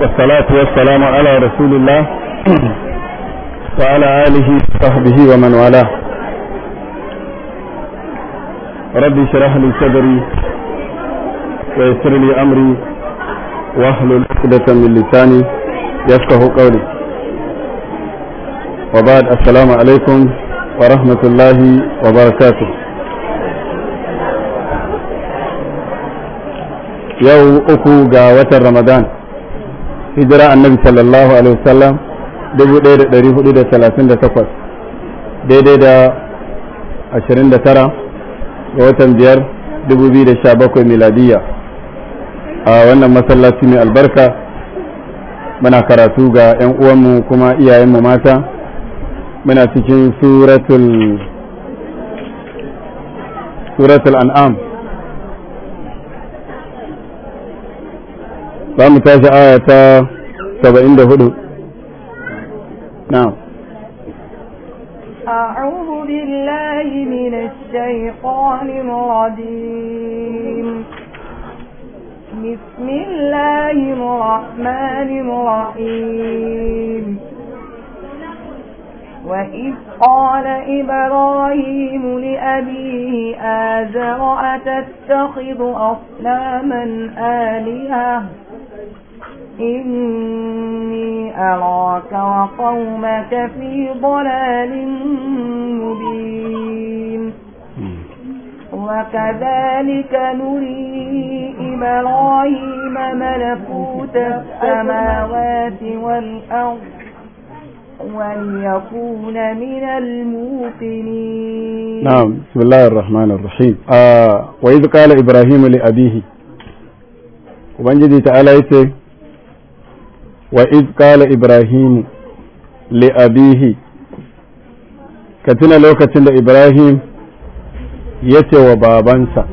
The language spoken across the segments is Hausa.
والصلاة والسلام على رسول الله وعلى آله وصحبه ومن والاه رب شرح لي صدري ويسر لي أمري وأهل عقدة من لساني يفقه قولي وبعد السلام عليكم ورحمة الله وبركاته yau أكو ga رمضان hijira annabi sallallahu alaihi wasallam 1438 daidai da 29 ga watan biyar 2017 miladiyya a wannan masallaci mai albarka muna karatu ga 'yan uwanmu kuma iyayenmu mata muna cikin suratul suratul an'am za mu tashi aya ta أعوذ بالله من الشيطان الرجيم بسم الله الرحمن الرحيم وإذ قال إبراهيم لأبيه آذر أتتخذ أصناما آلهة إني أراك وقومك في ضلال مبين وكذلك نري إبراهيم ملكوت السماوات والأرض وليكون من الموقنين نعم بسم الله الرحمن الرحيم آه وإذ قال إبراهيم لأبيه وبنجدي تعالى يتي وإذ قال إبراهيم لأبيه كتنا لوكة لإبراهيم wa babansa.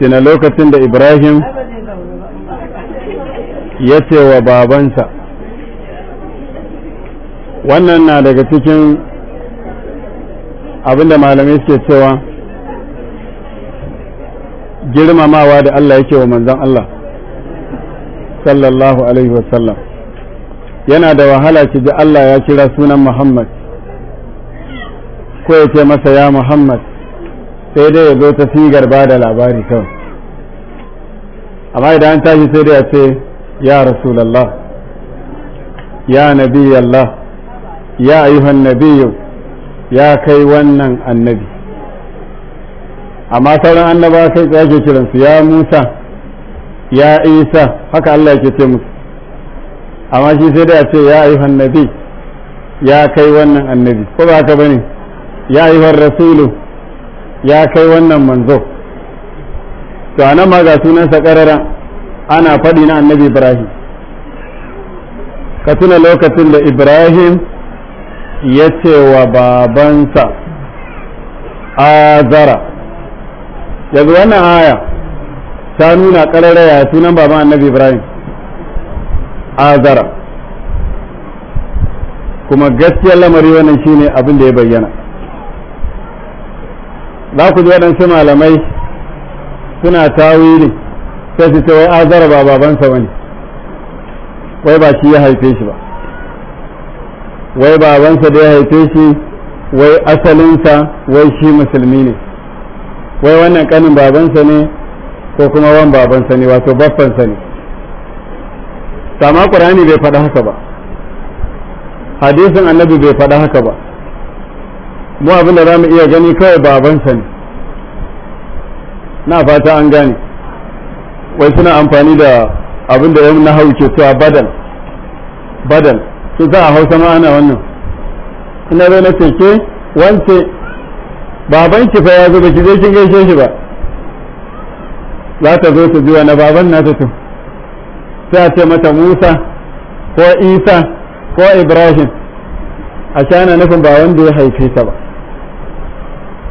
tuna lokacin da Ibrahim ya ce wa babansa wannan na daga cikin abinda malamai suke cewa girmamawa da Allah yake wa manzon Allah sallallahu alaihi wasallam yana da wahala ki ji Allah ya kira sunan Muhammad ko ya ce masa ya Muhammad sai dai ya zo ta sigar ba da labari kawai amma idan an tashi sai dai ya ce ya Rasulallah ya Nabi Allah ya ayyuhan nabiyu ya kai wannan annabi amma sauran annabawa kai ke kiransu ya Musa ya isa haka Allah yake ce musu amma shi sai dai a ce ya ayyuhan nabi ya kai wannan annabi ko ba ka bane ya ayyuhan rasulu ya kai wannan manzo to anan ma ga sa karara ana faɗi na annabi ibrahim ka tuna lokacin da ibrahim ya ce wa babansa azara yanzu wannan aya ta nuna karara ya sunan baban annabi ibrahim azara kuma gaskiyar lamari wannan shine abin da ya bayyana za ku ji waɗansu malamai suna tawili sai su ce wai azara ba babansa bane wai ba shi ya haife shi ba wai babansa da ya haife shi wai asalinsa wai shi musulmi ne wai wannan kanin babansa ne ko kuma wan baban sani wato baffan sani sama qur'ani bai faɗa haka ba hadisin annabi bai faɗa haka ba mu abin da zamu iya gani kawai baban sani na fata an gane wai suna amfani da abin da na hauke cewa badal badal su za a hausa ma ana wannan ina zo na ce ke wance baban ki fa ya zo ba ki je kin gaishe shi ba za ta zo ta ji wani baban na to sai a ce mata Musa ko Isa ko Ibrahim a shana nufin ba wanda ya haife ta ba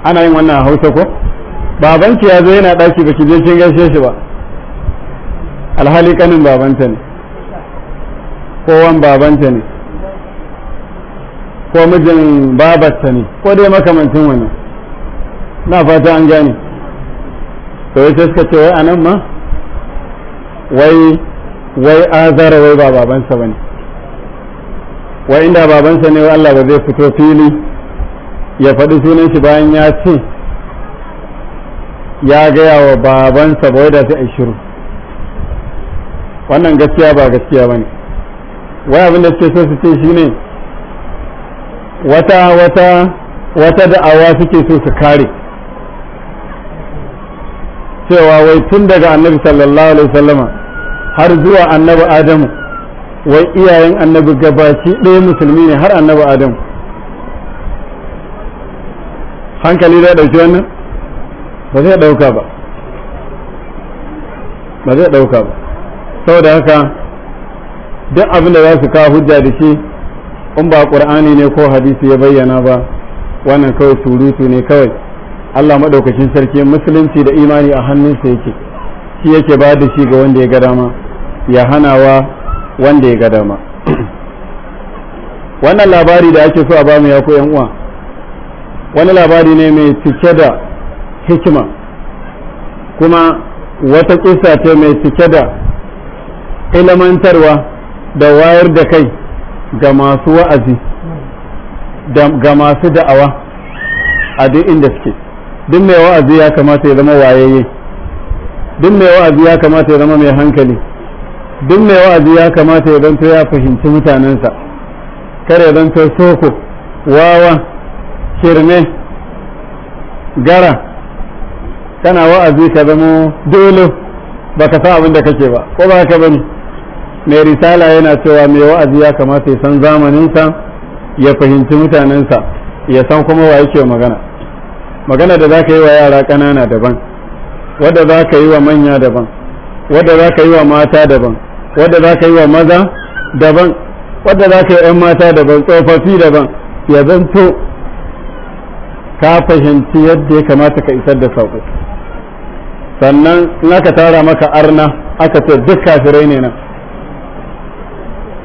ana yin wannan hausa ko babanki ya zo yana ɗaki baki je kin gaishe shi ba alhali kanin babanta ne kowan babanta ne ko mijin babarta ne ko dai makamancin wani na fata an gane to sai suka ce wai anan ma wai wai azara wai ba babansa bane wai inda babansa ne wai Allah ba zai fito fili ya faɗi sunan shi bayan ya ce ya gaya wa babansa ba wai da sai shiru wannan gaskiya ba gaskiya bane wai abin da suke so su ce shine wata wata wata da'awa suke so su kare cewa wai tun daga annabi sallallahu alaihi wasallama har zuwa annabi adamu wai iyayen annabi gabaki ɗaya musulmi ne har annabi adamu hankali zai ɗauki wannan ba zai ɗauka ba ba zai ɗauka ba saboda haka duk abin da za su kawo hujja da shi in ba ƙur'ani ne ko hadisi ya bayyana ba wannan kawai surutu ne kawai Allah maɗaukacin sarki musulunci da imani a hannunsa yake shi yake ba da shi ga wanda ya ga dama ya hanawa wanda ya ga dama wannan labari da ake so a bamu ya 'yan uwa wani labari ne mai cike da hikima kuma wata kisa ce mai cike da ilmantarwa da wayar da kai ga masu wa'azi ga masu da'awa a duk inda suke duk mai wa'azi ya kamata ya zama wayayye duk mai wa'azi ya kamata ya zama mai hankali duk mai wa'azi ya kamata ya zanto ya fahimci mutanensa kare ya zanto soko wawa shirme gara kana wa'azi ka zamo dole ba ka sa abin da kake ba ko ba ka bane mai risala yana cewa mai wa'azi ya kamata ya san zamaninsa ya fahimci mutanensa ya san kuma wa yake magana magana da za ka yi wa yara ƙanana daban wadda za ka yi wa manya daban wadda za ka yi wa mata daban wadda za ka yi wa maza daban wadda za ka yi 'yan mata daban tsofaffi daban ya zanto ka fahimci yadda ya kamata ka isar da saƙo sannan in aka tara maka arna aka ce duk kafirai ne nan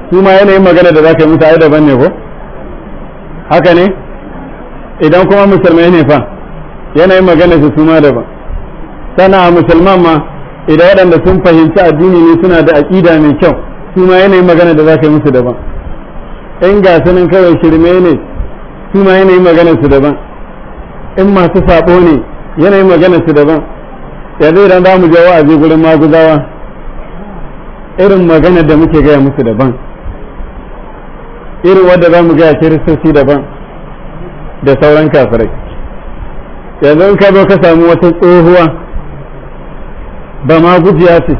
kuma yanayin magana da za yi musu ai daban ne ko haka ne idan kuma musulmai ne fa yanayin magana su suma ba sana musulman ma idan waɗanda sun fahimci addini ne suna da aƙida mai kyau suma yana yanayin magana da za ka yi musu daban in ga sanin kawai shirme ne suma yana yanayin magana su daban in masu saɓo ne yanayin magana su daban yanzu idan za mu je wa'azi gurin maguzawa irin magana da muke gaya musu daban irin wadda za mu gaya kiristoci daban da sauran kafirai yanzu in ka zo ka samu wata tsohuwa ba ma gujiya ce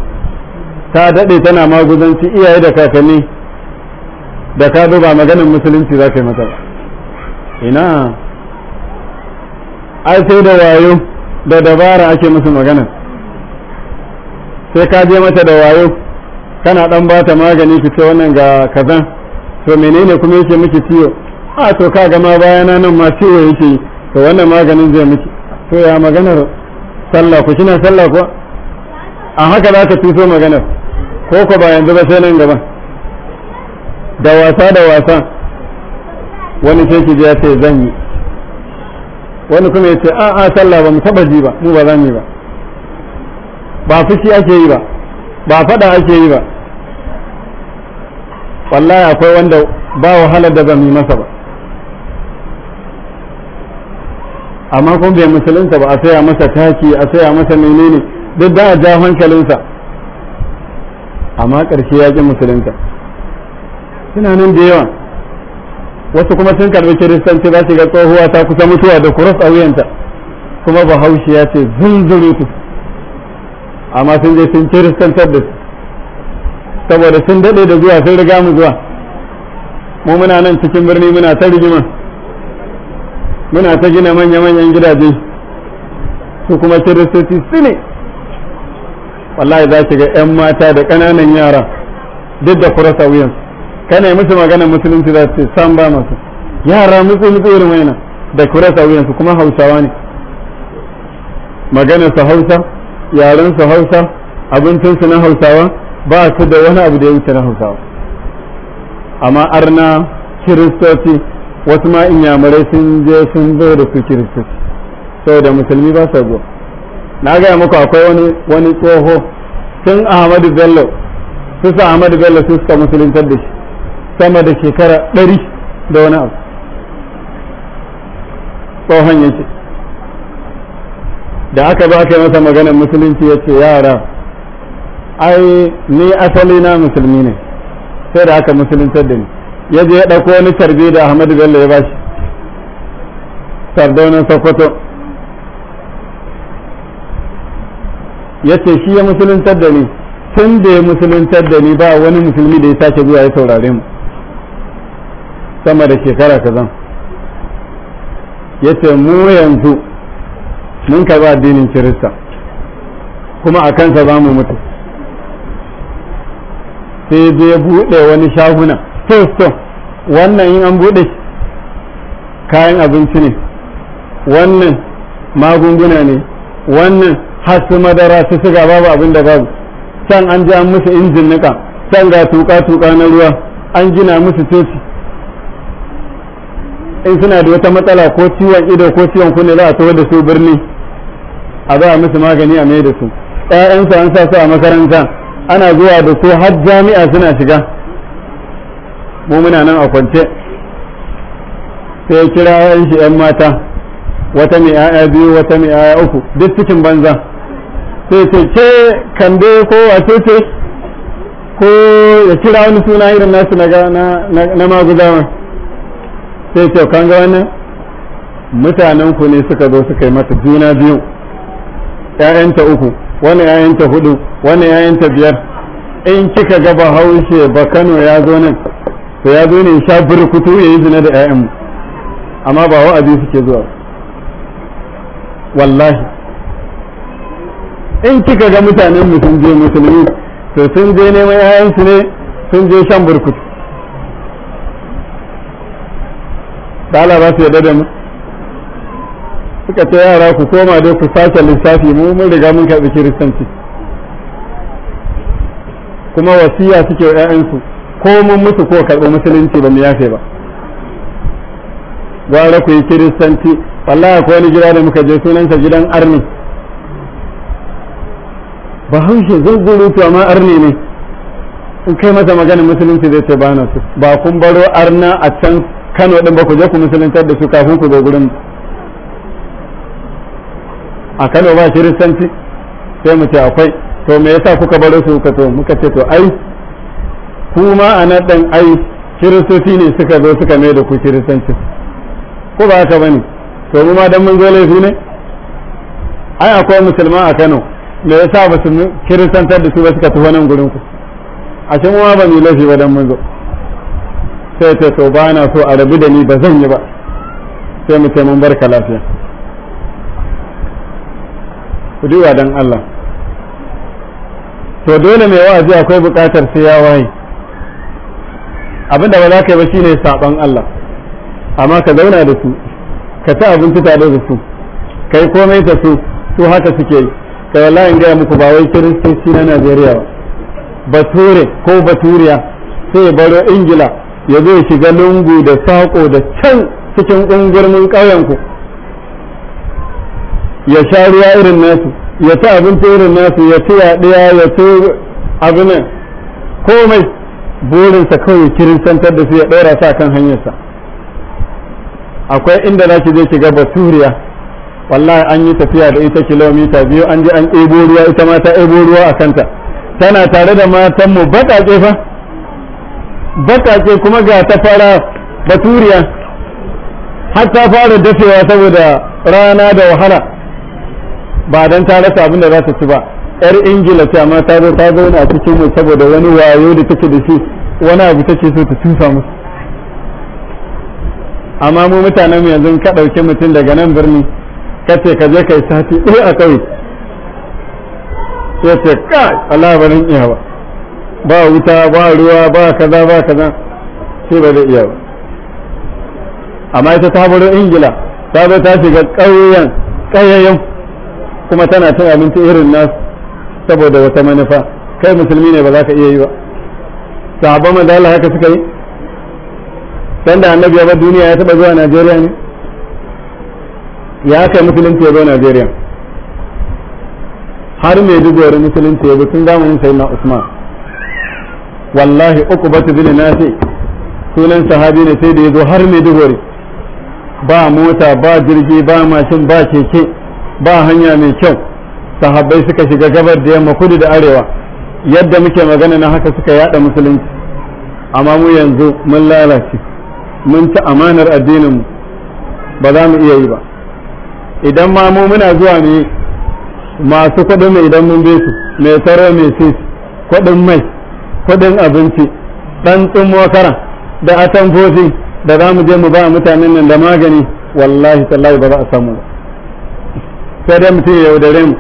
ta daɗe tana maguzanci iyaye da kakanni da ka duba maganin musulunci za ka yi mata ina ai sai da wayo da dabara ake musu magana sai ka je mata da wayo kana ɗan ba ta magani ku wannan ga kazan to menene kuma yake miki ciwo a to ka gama bayana nan ma ciwo yake yi to wannan maganin zai miki to ya maganar sallah ku shi na sallah ko a haka za ka tuso maganar ko ko ba yanzu ba sai nan gaba da wasa da wasa wani sai ki ya ce zan yi wani kuma ya ce a a sallah ba mu taba ji ba mu ba zan yi ba ba fushi ake yi ba ba fada ake yi ba wallahi akwai wanda ba wahalar da zan mu yi masa ba amma kuma bai musulunta ba a saya masa taki a saya masa menene duk da a ja hankalinsa amma ƙarshe ya ƙi musulunta suna nan da yawa wasu kuma sun karɓi kiristanci za su ga tsohuwa ta kusa mutuwa da kuras a wuyanta kuma haushi ya ce zunzurutu amma sun je sun kiristantar da su saboda sun daɗe da zuwa sun riga mu zuwa mu muna nan cikin birni muna ta rigima muna ta gina manya-manyan gidaje su kuma kiristoci su ne wallahi za ki ga 'yan mata da ƙananan yara duk da kurasa wuyan ka ne musu magana musulunci za su san ba masu yara musu mutsu irin waina da kurasa wuyan su kuma hausawa ne magana su hausa yaren su hausa abincin su na hausawa ba su da wani abu da ya wuce na hausawa amma arna kiristoci wasu ma yamurai sun je sun zo da su kiristoci saboda musulmi ba sa zuwa na gaya muku akwai wani wani tsoho tun ahmadu bello su sa ahmadu bello su suka musuluntar da shi sama da shekara ɗari da wani abu tsohon yake da aka ba ka masa maganar musulunci ya ce yara ai ni asali na musulmi ne sai da aka musuluntar da ni ya je ya ɗauko wani tarbi da Ahmadu Bello ya bashi sardaunin Sokoto ya ce shi ya musuluntar da ni tun da ya musuluntar da ni ba wani musulmi da ya sake zuwa ya saurare mu sama da shekara kazan ya ce mu yanzu mun karɓi addinin kirista kuma a kansa za mu mutu sai ya buɗe wani shaguna wannan yin an buɗe kayan abinci ne wannan magunguna ne wannan hasu madara su siga babu abin da babu can an ji an musu injin nika can ga tuka-tuka na ruwa an gina musu coci in suna da wata matsala ko ciwon ido ko ciwon kunne za a tawo da su birni a ba musu magani a mai da su 'ya'yansu an sa su a makaranta ana zuwa da su har jami'a suna shiga mu muna nan a kwance sai kira yan shi yan mata wata mai aya biyu wata mai aya uku duk cikin banza sai ce ke kande ko wace ce ko ya kira wani suna irin nasu na maguzawa sai ce kan ga wannan mutanen ku ne suka zo suka yi mata juna biyu ‘ya'yanta uku wani ‘ya'yanta hudu wani ‘ya'yanta biyar in kika gaba haushe ba kano ya zo nan to ya zo ne ya sha burkutu ya yi zina da 'ya'yanmu amma ba wa'azi suke zuwa wallahi in kika ga mutanen sun je musulmi to sun je neman 'ya'yansu ne sun je shan burkutu Allah ba su yarda da mu suka ce yara ku koma dai ku sace lissafi mu mun riga mun karɓi kiristanci kuma wasiya suke 'ya'yansu ko mun mutu ko karɓi musulunci ba mu yafe ba gwara ku yi kiristanci wallahi ko wani gida da muka je sunansa gidan arni ba haushe zunguru to amma arni ne in kai masa maganin musulunci zai ce bana su ba kun baro arna a can kano din ba ku je ku musuluntar da su kafin ku zo gurin a kano ba kiristanci sai mu ce akwai to me yasa kuka baro su ka to muka ce to ai ku ma a nan ɗan ai kiristoci ne suka zo suka mai da ku kiristanci ko ba haka bane to mu ma dan mun zo laifi ne ai akwai musulma a Kano me yasa ba su kiristantar da su ba suka tafi nan gurin ku a cikin ma ba mu laifi ba dan mun zo sai ta to ba na so a rabu da ni ba zan yi ba sai mu ce mun barka lafiya ku duba dan Allah to dole mai wa'azi akwai bukatar sai ya waye abin da ba za ka yi ba ne saban Allah amma ka zauna da su ka ci abinci tare da su ka yi komai da su su haka suke yi ka wallahi in gaya muku ba wai kiristoci na Najeriya ba bature ko baturiya sai baro ingila ya zo shiga lungu da sako da can cikin ƙungurmin ƙauyenku ya sha ruwa irin nasu ya ci abinci irin nasu ya ci yaɗiya ya ci abinan komai burinsa kawai ya santar da su ya ɗora sa kan hanyarsa akwai inda za ki je ki ga baturiya wallahi an yi tafiya da ita kilomita biyu an je an ɗebo ruwa ita ma ta ɗebo ruwa a kanta tana tare da matanmu baƙaƙe fa baƙaƙe kuma ga ta fara baturiya har ta fara dafewa saboda rana da wahala ba don ta rasa abin da za ta ci ba yar ingila ce amma ta zo ta zauna a cikin mu saboda wani wayo da take da shi wani abu take so ta tusa musu amma mu mutanen mu yanzu ka ɗauki mutum daga nan birni ka ce ka je kai sati ɗaya a kai ya ce ka Allah ba nan iya ba ba wuta ba ruwa ba kaza ba kaza shi ba zai iya ba amma ita ta baro ingila ta zo ta shiga ƙauyen ƙayayen kuma tana cin abinci irin nasu saboda wata manufa kai musulmi ne ba za ka iya yi ba sahabban manzala haka suka yi sanda annabi ya bar duniya ya taba zuwa Najeriya ne ya kai musulunci ya zo Najeriya har mai dubuwar musulunci ya tun zamanin sai na Usman wallahi uku batu na nasi sunan sahabi ne sai da ya zo har mai dubuwar ba mota ba jirgi ba mashin ba keke ba hanya mai kyau sahabbai suka shiga gabar da yamma kudu da arewa yadda muke magana na haka suka yada musulunci amma mu yanzu mun lalace mun ci amanar addininmu ba za mu iya yi ba idan ma mu muna zuwa ne masu kuɗin mai idan mun su mai taro mai sis kuɗin mai kuɗin abinci ɗan tsummo karan da atamfofi da za mu je mu ba mutanen nan da magani wallahi tallahi ba za a samu ba sai dai mutum ya yaudare mu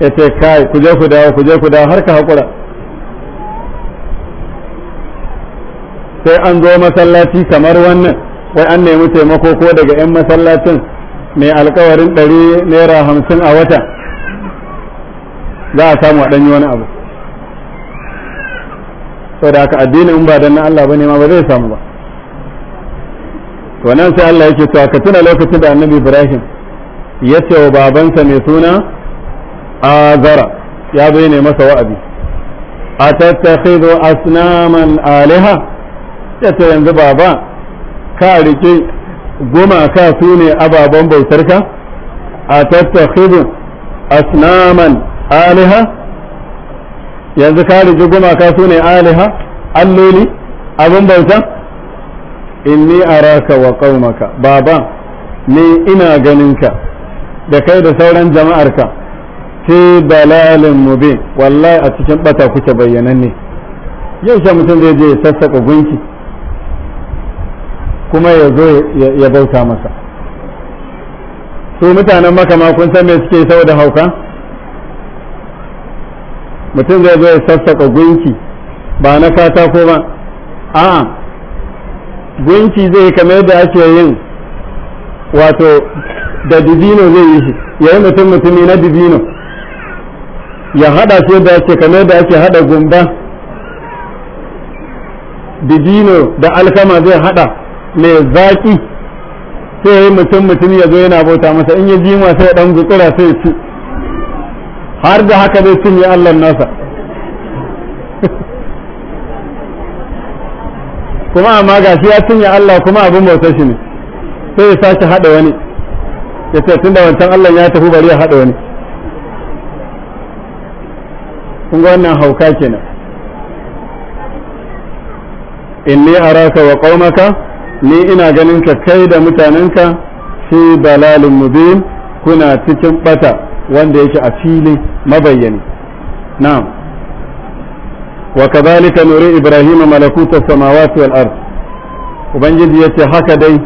ya ce kai ku je ku dawo ku je ku dawo har ka haƙura sai an zo masallaci kamar wannan wai an nemi taimako ko daga 'yan masallacin mai alkawarin ɗari naira hamsin a wata za a samu a ɗanyi wani abu da aka addini in ba dan na Allah ne ma ba zai samu ba to nan sai Allah yake cewa ka tuna lokacin da Annabi Ibrahim ya ce wa babansa mai suna azara ya zo ne masa wa'azi a tattakhidhu asnaman aliha yace yanzu baba ka rike gumaka su ne ababen bautarka a aliha yanzu ka rike gumaka su ne aliha alloli abin bauta inni araka wa qaumaka baba ni ina ganinka da kai da sauran jama'arka fi dalalin mubin wallahi a cikin bata kuke ne yau sha mutum zai je ya sassaka gunki kuma ya zo ya bauta masa su mutanen ma kun san me suke saboda hauka mutum zai zo ya sassaka gunki ba na katako ba a gunki zai kamar yadda ake yin wato da dibino zai yi shi ya yi mutum mutumi na dibino ya hada su da ake kamar da ake hada gumba dibino da alkama zai hada mai zaki sai ya yi mutum mutum ya zo yana bauta masa in ya ji ma sai dan gutsura sai ci har da haka zai cinye Allah nasa kuma amma gashi ya cinye Allah kuma abin bauta shi ne sai ya sashi hada wani ya ce tun da wancan Allah ya tafi bari ya hada wani kun ga wannan hauka kenan inni araka wa qaumaka ni ina ganin ka kai da mutanenka fi dalalin mubin kuna cikin bata wanda yake a fili mabayyani na'am wa kadhalika nuri ibrahima malakuta samawati wal ard ubangiji yace haka dai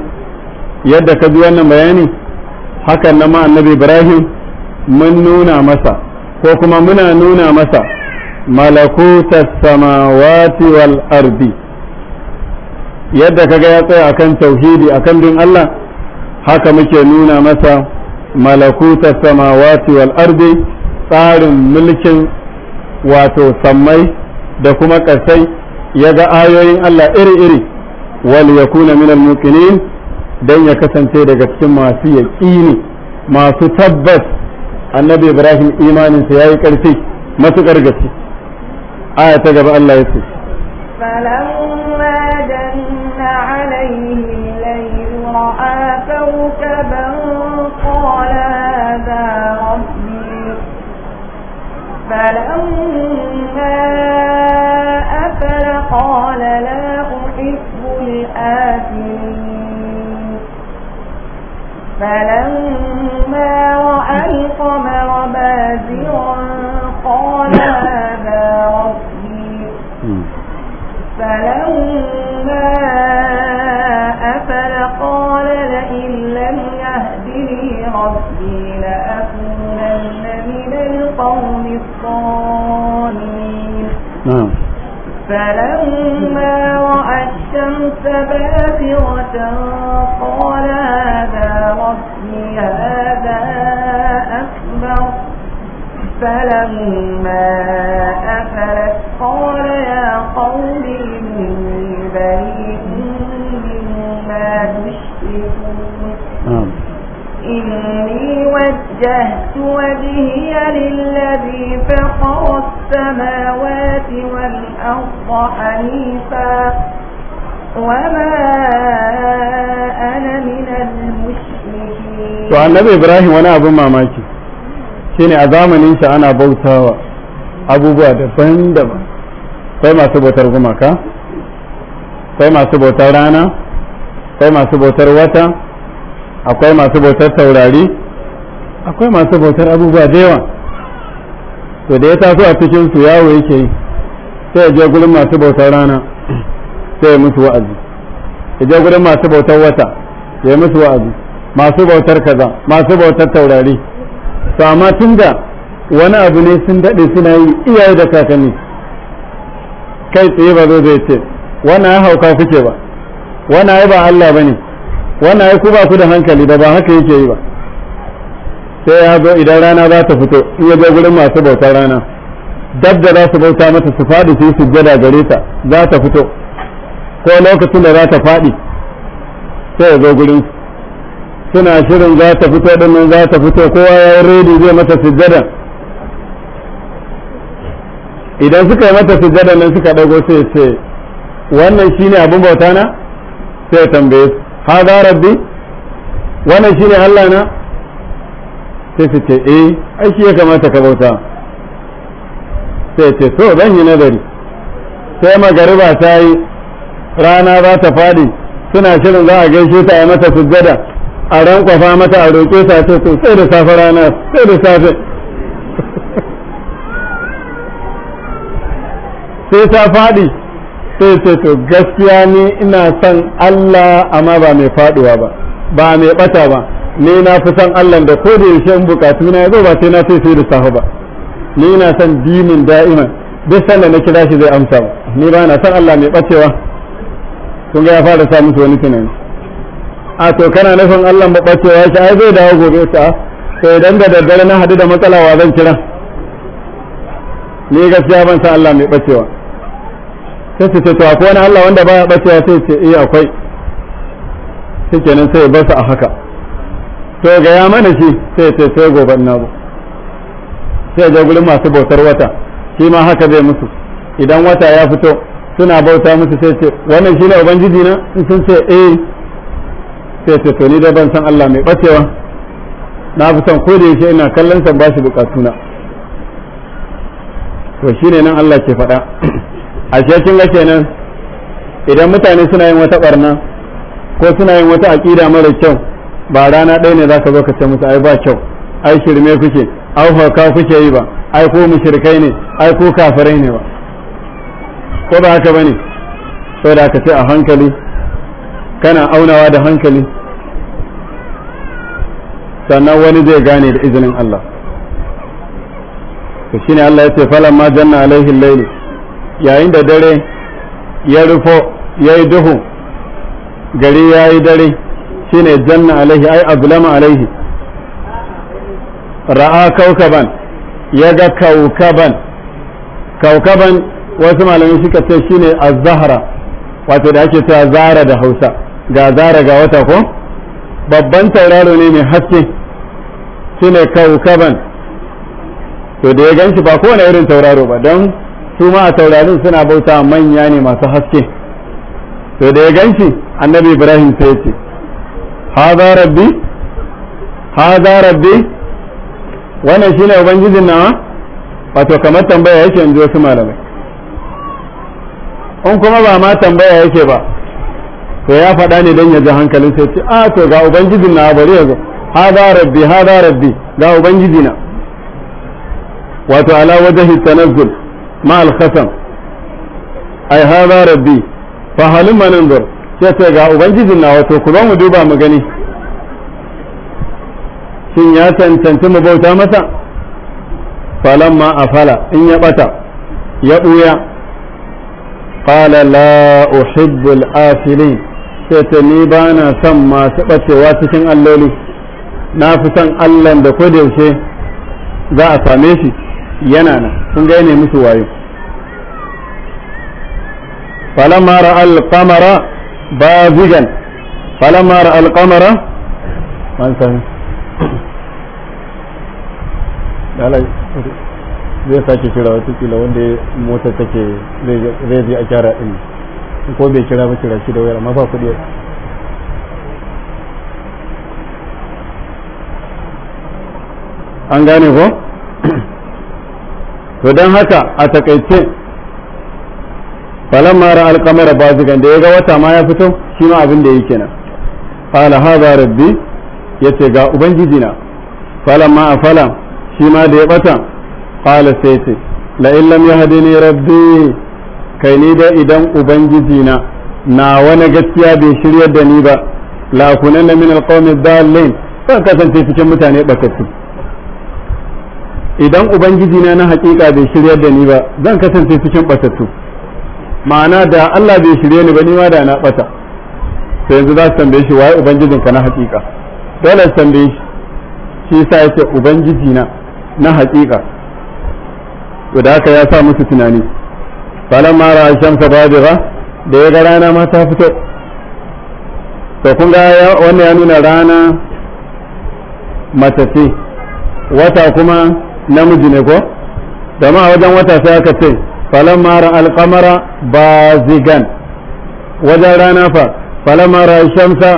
yadda ka ji wannan bayani hakan nan ma annabi ibrahim mun nuna masa ko kuma muna nuna masa malakutas samawati wal ardi yadda kaga ya tsaya akan tauhidi akan bin Allah haka muke nuna masa malakutas samawati wal ardi tsarin mulkin wato sammai da kuma ƙasai ya ga ayoyin Allah iri-iri wal kuna minal muqinin dan ya kasance daga cikin masu yaƙini masu tabbas annabi ibrahim imaninsa ya yi ƙarfi matuƙar gaske aya ta gaba allah ya ce فلما رأى الشمس باخرة قال هذا ربي هذا أكبر فلما أفلت قال يا قوم إني بريء مما تشركون إني وجهت وجهي للذي فقر السماوات والأرض حنيفا وما أنا من المشركين to annabi Ibrahim wani abin mamaki shine a zamanin sa ana bautawa abubuwa daban-daban sai masu bautar gumaka sai masu bautar rana sai masu bautar wata akwai masu bautar taurari akwai masu bautar abubuwa da yawa to da ya taso a cikin su yawo yake yi sai ya je gurin masu bautar rana sai ya musu wa'azi ya je gurin masu bautar wata ya musu wa'azi masu bautar kaza masu bautar taurari to amma da wani abu ne sun daɗe suna yi iyaye da kakanni kai tsaye ba zo zai ce wannan hauka kuke ba wannan ya ba Allah ba ne. wannan ya ku ba ku da hankali da ba haka yake yi ba sai ya zo idan rana za ta fito in ya zo gurin masu bauta rana dab da za su bauta mata su faɗi su yi sujjada gare ta za ta fito ko lokacin da za ta faɗi sai ya zo gurin suna shirin za ta fito dinnan za ta fito kowa ya yi redi zai mata sujjada idan suka yi mata sujjada nan suka ɗago sai ce wannan shine abin bauta na sai ya tambaye su hada rabbi wannan shine Allah na sai su ce eh ai shi ya kamata ka bauta sai ce so dan yi nazari sai magariba ta yi rana za ta faɗi suna shirin za a gaishe ta a mata sujjada a rankwafa mata a roƙe ta ce to sai da safe rana sai da safe sai ta faɗi sai ce to gaskiya ni ina son Allah amma ba mai faduwa ba ba mai bata ba ni na fi son Allah da ko da yaushe in bukatu na zo ba sai na ce sai da safa ba ni ina son dinin da'iman duk sanda na kira shi zai amsa ba ni ba na son Allah mai bacewa kun ga ya fara sa musu wani tunani a to kana son Allah ba bacewa shi ai zai dawo gobe ta to idan da daddare na hadu da matsala wa zan kira ni gaskiya ban san Allah mai bacewa sai su ce to akwai wani Allah wanda baya ya sai ce eh akwai shikenan sai ba su a haka to ga ya mana shi sai ce sai gobe na zo sai ga gurin masu bautar wata shi ma haka zai musu idan wata ya fito suna bauta musu sai ce wannan shi ne ubangiji na in sun ce eh sai ce to ni da ban san Allah mai bacewa na fi son ko da yake ina kallon san ba shi bukatuna to shine nan Allah ke faɗa a kin ga kenan idan mutane suna yin wata barna ko suna yin wata aƙida mara kyau ba rana ɗaya ne za ka zo ka ce musu ai ba kyau ai shirme kuke ai hauka kuke yi ba ai ko mushrikai ne ai ko kafirai ne ba ko ba haka bane da aka ce a hankali kana aunawa da hankali sannan wani zai gane da izinin Allah to shine Allah ya ce falamma janna alaihi al yayin da dare ya rufo ya yi duhu gari ya yi dare shine janna alaihi ai azlama alaihi ra'a kaukaban ya ga kaukaban kaukaban wasu malamai suka ce ne a zahra wato da ake cewa zara da Hausa ga zara ga wata ko babban tauraro ne mai haske shine kaukaban to da ya ganshi ba kowane irin tauraro ba don su ma a taurarin suna bauta manya ne masu haske to da ya ganshi annabi ibrahim sai ya ce haza rabbi haza rabbi wannan shine ubangijin nawa wato kamar tambaya yake yanzu wasu malamai in kuma ba ma tambaya yake ba to ya faɗa ne don ya ji hankalin sai ce a ah, to ga ubangijin na bari ya zo haza rabbi haza rabbi ga ubangijina wato ala wajen tanazzul ma alhasan ai hada rabbi fa halima nanzur sai ga ubangijin na wato ku mu duba mu gani shin ya cancanci mu bauta masa falamma afala in ya bata ya buya qala la uhibbu al-afilin sai ta ni ba na son masu bacewa cikin alloli na fi son allan da yaushe za a same shi yana nan sun ga yana musu waye falamma ra'a al-qamara bazigan falamma ra'a al-qamara man san dalai zai sake kira wata kila wanda mota take zai je a kyara din ko bai kira ba kira shi da wayar amma ba kudi an gane ko to don haka a takaice falan mara alkamar bazigan da ya ga wata ma ya fito shi ma abin da ya kenan fala hadha rabbi yace ga ubangiji na falon ma afala shi ma da ya bata fala sai ce la in yahdini rabbi kai ni da idan ubangiji na na wani gaskiya bai shiryar da ni ba la kunanna min alqawmi dallin kan kasance cikin mutane bakatu idan ubangiji na na hakika bai shirya da ni ba zan kasance cikin batattu ma'ana da Allah bai shirya ni ba ni ma da na bata sai yanzu za su tambaye shi waye ka na hakika dole su tambaye shi shi sa yace ubangiji na na hakika to da haka ya sa musu tunani falan mara ra'a sabadira da ya ga rana ma ta fito to kun ga wannan ya nuna rana matace wata kuma namiji ne ko dama a wajen wata sai aka ce falamma ra alqamara bazigan wajen rana fa falamma ra shamsa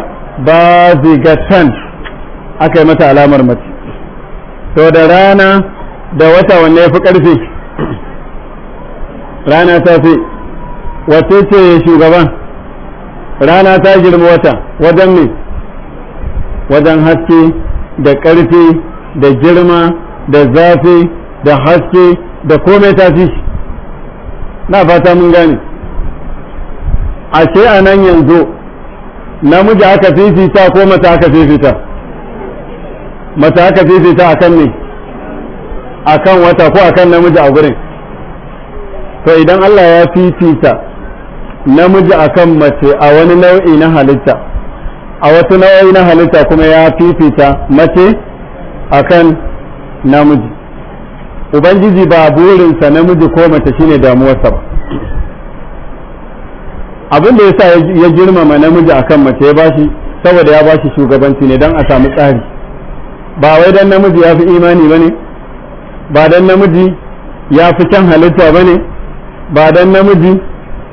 bazigatan aka yi mata alamar mace to da rana da wata wanne ya fi ƙarfi rana ta fi wace ce shugaban rana ta girma wata wajen ne wajen haske da ƙarfi da girma da zafi da haske da komai ta fi shi na fata mun gane a ce a nan yanzu namiji aka fifita ko mata aka fifita mata aka fifita a kan ne a kan wata ko a kan namiji a gurin to idan Allah ya fifita namiji a kan mace a wani nau'i na halitta a wasu nau'i na halitta kuma ya fifita mace a kan namiji ubangiji ba burinsa namiji ko mace shine damuwarsa ba abin da yasa ya girmama namiji akan mace ya bashi saboda ya bashi shugabanci ne don a samu tsari ba wai dan namiji ya fi imani ba ne ba dan namiji ya fi can halitta ba ne ba dan namiji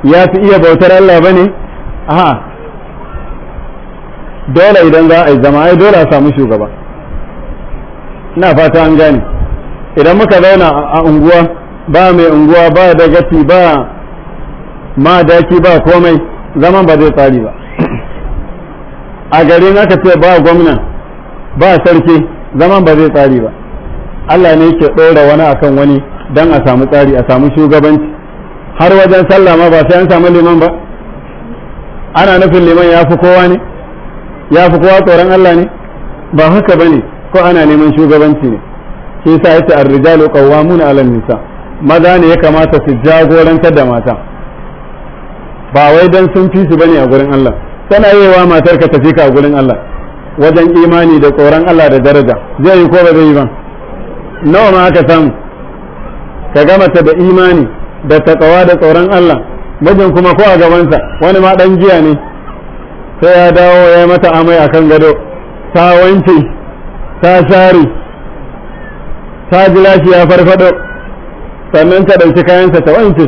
ya fi iya bautar Allah ba ne dole idan za a yi zama ai dole a samu shugaba ina fata an gane idan muka zauna a unguwa ba mai unguwa ba da gafi ba ma daki ba komai zaman ba zai tsari ba a garin ka ce ba gwamna ba sarki zaman ba zai tsari ba Allah ne yake ɗora wani akan wani don a samu tsari a samu shugabanci har wajen sallah ma ba sai an samu liman ba ana nufin liman ya fi kowa ne ya fi kowa tsoron Allah ne ba haka ba ne ko ana neman shugabanci ne shi yasa yace ar-rijalu qawwamuna 'ala nisa maza ne ya kamata su jagorantar da mata ba wai dan sun fi su bane a gurin Allah tana yewa matar ka tafi ka gurin Allah wajen imani da tsoron Allah da daraja zai yi ko ba zai yi ba nawa ma aka samu ka gama ta da imani da takawa da tsoron Allah mijin kuma ko a gabansa wani ma dan giya ne sai ya dawo ya mata amai akan gado ta wanke ta sare ta ji lafiya farfado sannan ta ɗauki kayansa ta wanke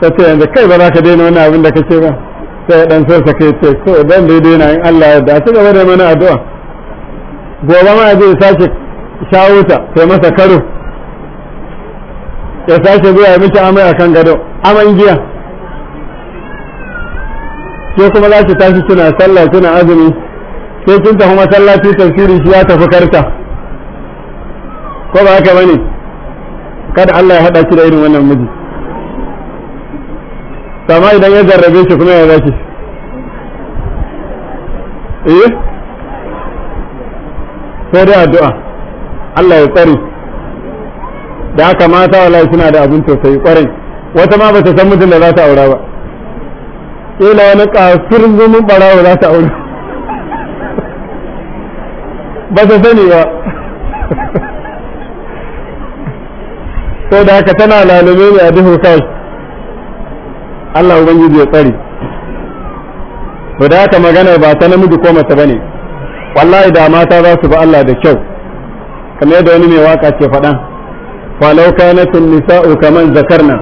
ta ce yanzu kai ba za ka daina wani abin da ce ba sai dan so sa kai ce to dan dai daina in Allah ya da ta gaba da mana addu'a gobe ma zai sace shawo ta sai masa karo ya sace zuwa miki amai akan gado aman giya sai kuma za ki tashi kina sallah kina azumi sai sun tafi masallaci tafsiri shi ya tafi karta ko ba haka bane kada Allah ya hada shi da irin wannan miji amma idan ya jarrabe shi kuma ya zaki eh sai dai addu'a Allah ya tsare da haka mata wallahi suna da abin tausayi kwarai wata ma ba ta san mijin da za ta aura ba ila wani kafir zumun barawa za ta aura ba ta sani ba sau da haka tana lalume ne a duhu kai Allah ubangiji ya tsari to da haka magana ba ta namiji ko mata bane wallahi da mata za su ba Allah da kyau kamar yadda wani mai waka ke faɗan falau kanatun nisa'u kaman zakarna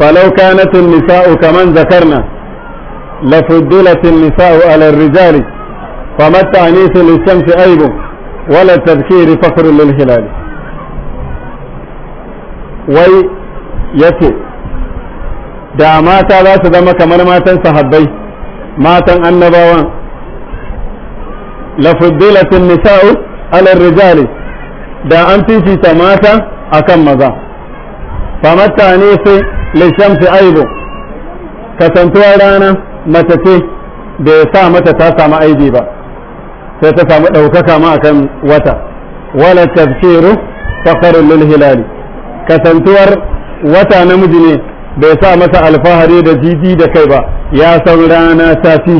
falau kanatun nisa'u kaman zakarna lafudulatin nisa'u ala rijali فما التعنيف للشمس عيب ولا التذكير فخر للهلال wai yace da mata za su zama kamar matan sahabbai matan annabawan lafuddilatin nisa'u alar rijali da an fifita mata akan maza famatta ne su lishamsi aibu kasantuwar rana mace ce da ya sa mata ta samu aibi ba sai ta samu ɗaukaka ma akan wata wala tafsiru fakarun lil hilali kasantuwar wata namiji ne bai sa masa alfahari da jiji da kai ba ya san rana ta fi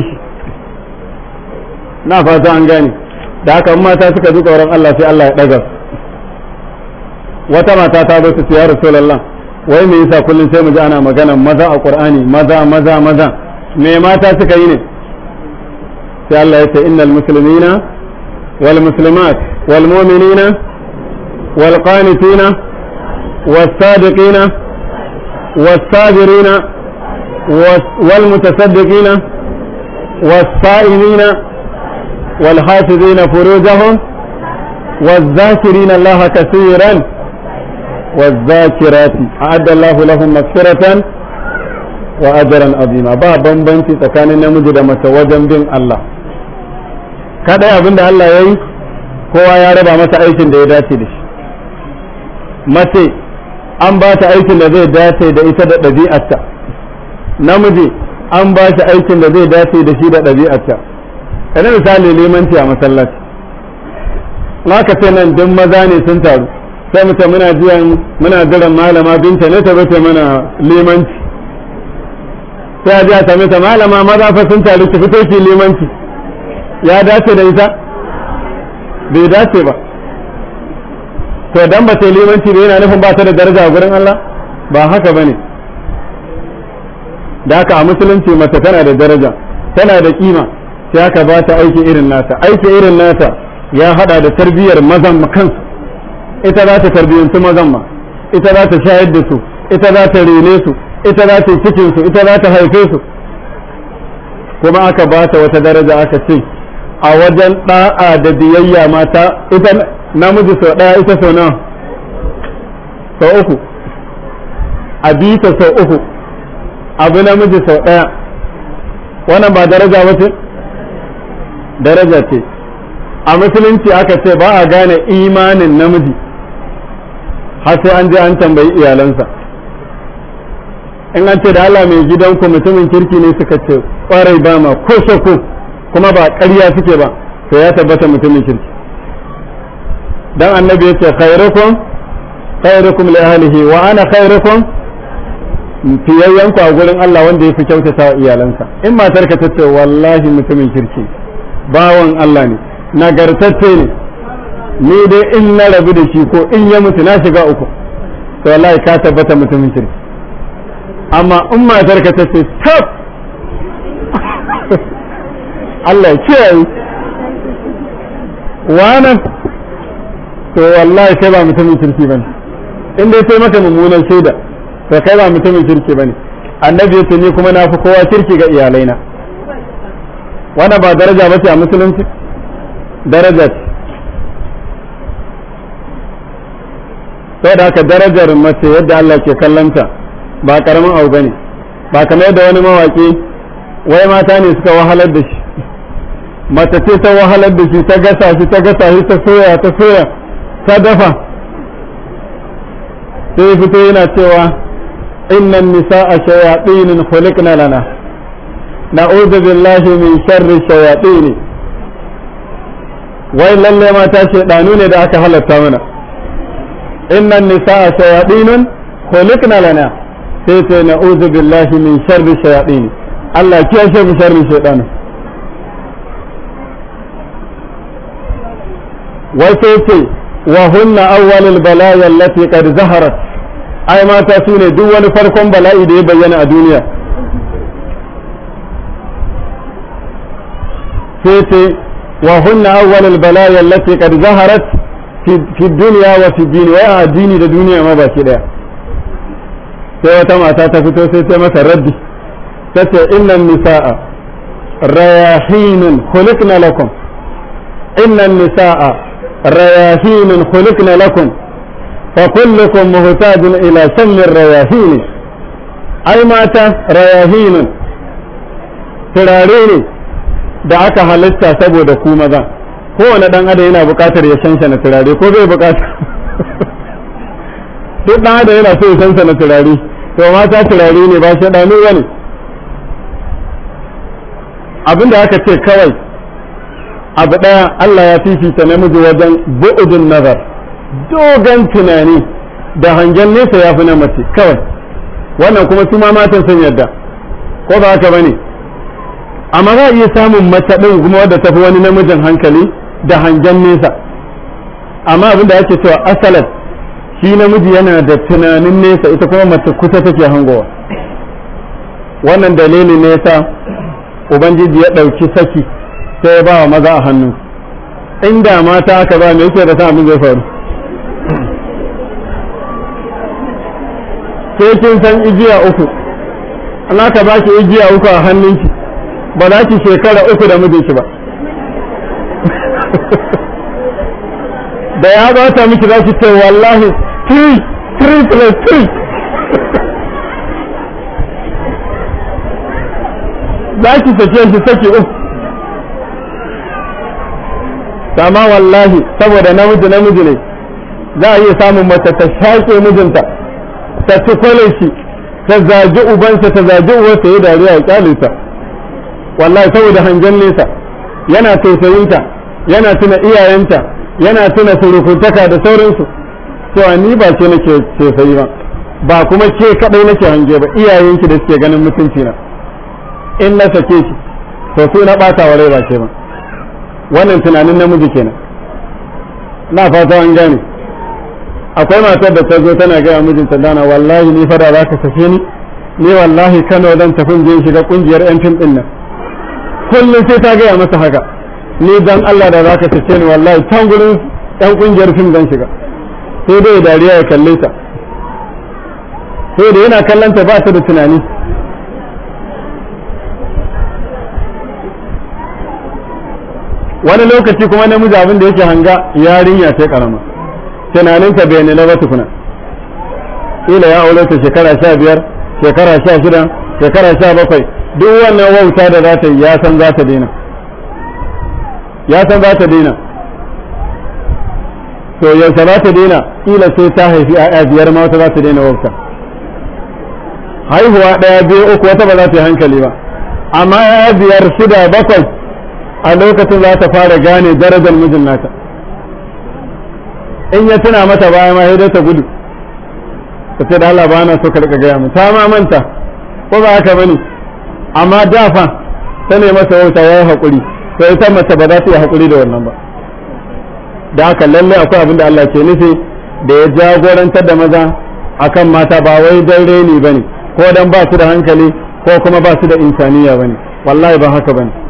na fata an gane da haka mata suka ji tsoron Allah sai Allah ya ɗaga wata mata ta zo su ya rasulullah wai me yasa kullum sai mu ji ana magana maza a qur'ani maza maza maza me mata suka yi ne قال الله إن المسلمين والمسلمات والمؤمنين والقانتين والصادقين والصابرين والمتصدقين والصائمين والحافظين فروجهم والذاكرين الله كثيرا والذاكرات أعد الله لهم مغفرة وأجرا عظيما باب بنتي تكاني نمجد متوجم بن الله ka ɗaya abin da Allah ya yi kowa ya raba mata aikin da ya dace da shi mace an ba ta aikin da zai dace da ita da ɗabi'arta namiji an ba shi aikin da zai dace da shi da ɗabi'arta kana misali limanci a masallaci ka ce nan duk maza ne sun taru sai mu ce muna jiyan muna jiran malama binta ne ta bace mana limanci sai a ji a same ta malama maza fa sun taru ki fito ki limanci ya dace da ita bai dace ba to dan ba ta limanci da yana nufin ba ta da daraja a gurin Allah ba haka bane da haka a musulunci mace tana da daraja tana da kima sai aka ba ta aiki irin nata aiki irin nata ya hada da tarbiyyar mazan kansu ita za ta tarbiyyanci mazan ma ita za ta shayar da su ita za ta rene su ita za ta cikin su ita za ta haife su kuma aka ba ta wata daraja aka ce a wajen da'a da biyayya mata ita namiji sau daya ita sau nawa sau uku a ta sau uku abu namiji sau daya wannan ba daraja ba ce daraja ce a musulunci aka ce ba a gane imanin namiji har sai an je an tambayi iyalansa in an ce da Allah mai gidanku mutumin kirki ne suka ce kwarai ba ma ko so ko kuma ba ƙarya suke ba to ya tabbata mutumin kirki dan annabi ya ce khairukum khairukum li ahlihi wa ana khairukum fiyayyanku a gurin Allah wanda ya fi kyautata wa iyalansa in matarka ka tace wallahi mutumin kirki bawan Allah ne nagartacce ne ni dai in na rabu da shi ko in ya mutu na shiga uku to wallahi ka tabbata mutumin kirki amma in matarka ka tace tab Allah ya kiyaye wannan to wallahi kai ba mutumin kirki bane in dai sai maka mummunan shaida to kai ba mutumin kirki bane annabi ce ni kuma na fi kowa kirki ga iyalaina wannan ba daraja ba ce a musulunci daraja ce da haka darajar mace yadda Allah ke kallanta ba karamin abu bane ba kamar yadda wani mawaki wai mata ne suka wahalar da shi mata ce ta wahalar da shi ta gasa shi ta gasa shi ta soya ta soya ta dafa sai fito yana cewa innan nisa'a shayatinin na lana na'udhu billahi min sharri shayatini wai lalle mata ce danu ne da aka halatta mana innan nisa'a shayatinin na lana sai ce na'udhu billahi min sharri shayatini Allah kiyashe mu sharri shaytanin wai sai ce wa hunna awwalul bala'i allati qad zaharat ai mata su ne duk wani farkon bala'i da ya bayyana a duniya sai ce wa hunna awwalul bala'i allati qad zaharat fi dunya wa fi dini wa addini da duniya ma baki daya sai wata mata ta fito sai ta masa raddi tace innan nisa'a rayahinun khuliqna lakum innan nisa'a رياحين خلقنا لكم فكلكم محتاج إلى سم الرياحين أي مات رياحين تراريني da aka halitta saboda ku maza kowane dan adam yana buƙatar ya shanshana turare ko bai buƙata duk dan adam yana so ya shanshana turare to mata turare ne ba shi ɗanu wani ne abinda aka ce kawai abu ɗaya Allah ya fifita namiji wajen bu'udun nazar dogon tunani da hangen nesa ya fi na mace kawai wannan kuma su ma matan sun yarda ko ba haka bane amma za a iya samun mace ɗin kuma wadda tafi wani namijin hankali da hangen nesa amma abinda ake cewa asalat shi namiji yana da tunanin nesa ita kuma mace kusa take hangowa wannan dalilin ne ubangiji ya ɗauki saki sai ya ba wa maza a hannu inda mata aka ba mai yake da sa abin zai faru sai kin san igiya uku an ka ba ki igiya uku a hannunki ba za ki shekara uku da mijinki ba da ya ba ta miki za ki ce wallahi 3 3 plus 3 za ki sake shi sake uku amma wallahi saboda namiji namiji ne za a iya samun mace ta shaƙe mijinta ta ci shi ta zagi ubansa ta zagi uwarsa ya dariya ya kyale ta wallahi saboda hangen nesa yana tausayinta yana tuna iyayenta yana tuna surukuntaka da sauransu a ni ba ce nake tausayi ba ba kuma ke kadai nake hange ba iyayenki da suke ganin mutunci na in na sake shi to su na bata wa rai ba ke ba wannan tunanin namiji kenan na fata an gane akwai matar da ta zo tana gaya mijinta dana wallahi ni fada za ka sake ni ni wallahi kano zan tafi je shiga kungiyar yan fim din nan kullum sai ta gaya masa haka ni dan Allah da za ka sake ni wallahi can gurin yan kungiyar fim zan shiga sai dai dariya ya kalle ta sai da yana kallonta ba ta da tunani wani lokaci kuma namiji abin da yake hanga yarinya ce karama tunaninsa bai nila ba tukuna ila ya aure ta shekara sha biyar shekara sha shida shekara sha bakwai duk wannan wauta da za ta yi ya san za ta daina ya san za ta daina to yaushe za ta daina ila sai ta haifi a biyar ma wata za ta daina wauta haihuwa ɗaya biyu uku wata ba za ta yi hankali ba amma ya biyar shida bakwai a lokacin za ta fara gane darajar mijin nata in ya tuna mata baya ma dai ta gudu ta ce da Allah bana so ka gaya mu ta ma manta ko ba haka bane amma da fa ta ne masa wauta yayi hakuri to ita mace ba za ta yi hakuri da wannan ba da haka lalle akwai abin da Allah ke nufi da ya jagorantar da maza akan mata ba wai dan reni bane ko dan ba su da hankali ko kuma ba su da insaniya bane wallahi ba haka bane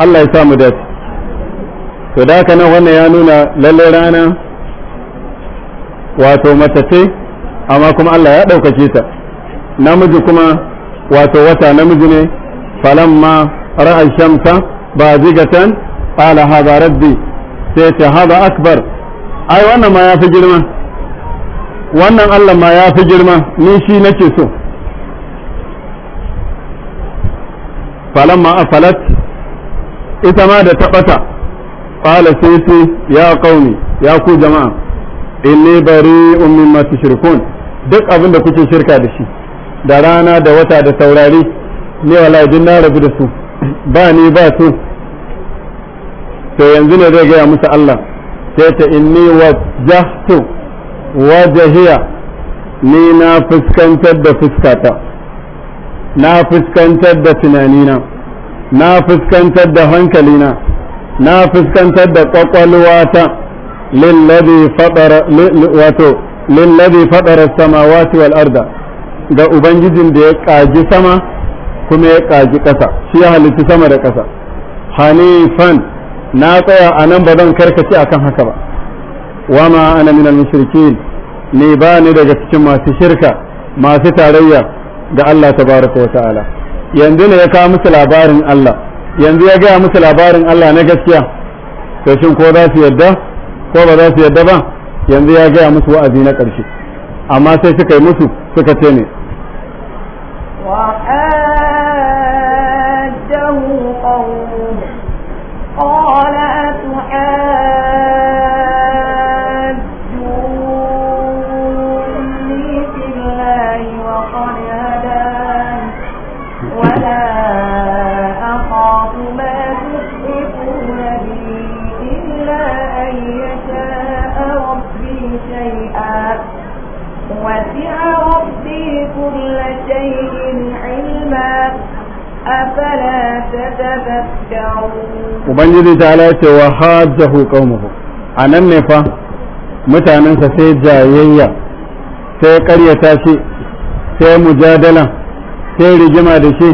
Allah ya sa mu to da haka nan wannan ya nuna lalle rana wato mace ce amma kuma Allah ya ɗaukake ta namiji kuma wato wata namiji ne falamma ra'a shamsa ba zigatan qala hada rabbi sai ce hada akbar ai wannan ma ya fi girma wannan Allah ma ya fi girma ni shi nake so falamma afalat ita ma da taɓata ƙala sai ce ya ƙauni ya ku jama'a inni bari ummin masu shirkun duk abin da kuke shirka da shi da rana da wata da saurari ne wala idan na rabu da su ba ni ba su to yanzu ne zai gaya musu Allah sai ta inni wajahtu wajahiya ni na fuskantar da fuskata na fuskantar da tunanina na fuskantar da hankalina na fuskantar da ƙwaƙwalwata lillazi faɗara wato lillazi faɗara samawati wal arda ga ubangijin da ya ƙaji sama kuma ya ƙaji ƙasa shi ya halitta sama da ƙasa hanifan na tsaya a nan ba zan karkace akan haka ba wa ma ana minal mushrikin ni ba ni daga cikin masu shirka masu tarayya ga Allah tabaraka wa ta'ala yanzu ne ya kawo musu labarin Allah yanzu ya gaya musu labarin Allah na gaskiya to shin ko za su yarda ko ba za su yarda ba yanzu ya gaya musu wa'azi na ƙarshe amma sai suka yi musu suka ce ne وآده قومه qala ubangiji ta ala ce wa hajjahu qaumuhu anan ne fa mutanensa sai jayayya sai karyata shi sai mujadala sai rigima da shi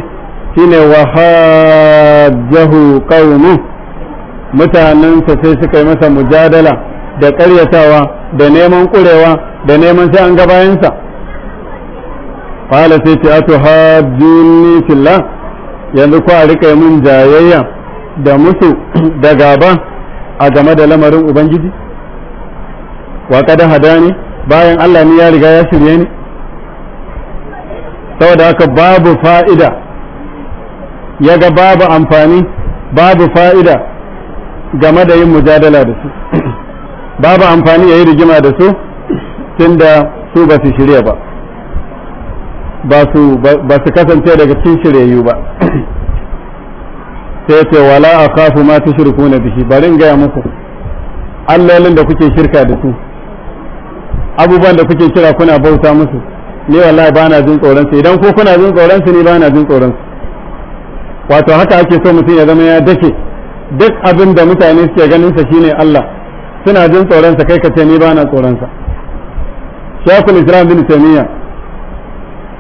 shine wa hajjahu qaumu mutanensa sai suka yi masa mujadala da karyatawa da neman kurewa da neman sai an ga bayansa qala sai ta atu hajjuni fillah yanzu ko a rika mun jayayya da musu da gaba a game da lamarin ubangiji wa kada hada ne bayan Allah ne ya riga ya shirye ni saboda haka babu fa'ida ya ga babu amfani babu fa'ida game da yin mujadala da su babu amfani ya yi rigima da su da su ba su shirya ba ba su kasance daga cikin shiryayyu ba sai ce wala a kafu ma na bihi bari in gaya muku allolin da kuke shirka da su abubuwan da kuke kira kuna bauta musu ni wallahi ba na jin tsoron su idan ko kuna jin tsoron su ni ba na jin tsoron su wato haka ake so mutum ya zama ya dake duk abin da mutane suke ganin sa shine Allah suna jin tsoron sa kai ka ce ni ba na tsoron sa Shaykhul Islam bin Taymiyyah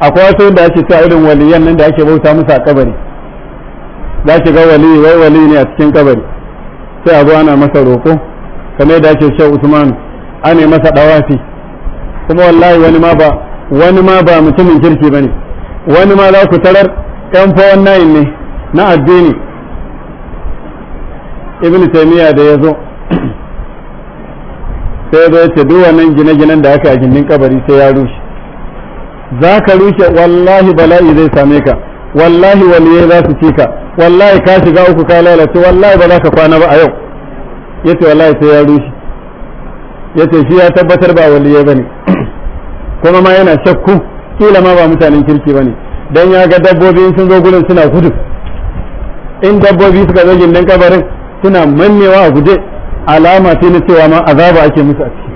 akwai wasu da ake cewa irin waliyan nan da ake bauta musu a kabari za ki ga wali wai wali ne a cikin kabari sai a zo ana masa roƙo kamar da ake shehu Usman an ne masa dawafi kuma wallahi wani ma ba wani ma ba mutumin kirki bane wani ma za ku tarar ɗan fa wannan ne na addini ibn taymiya da ya zo sai da yace duk wannan gine-ginen da aka a gindin kabari sai ya rushe za ka rushe wallahi bala'i zai same ka wallahi waliye za su ci ka wallahi ka shiga uku ka lalace wallahi ba za ka kwana ba a yau yace wallahi sai ya rushe yace shi ya tabbatar ba ba bane kuma ma yana shakku kila ma ba mutanen kirki bane dan ya ga dabbobi sun zo gurin suna gudu in dabbobi suka zo gindin kabarin suna mannewa a guje alama ce na cewa ma azaba ake musu a ciki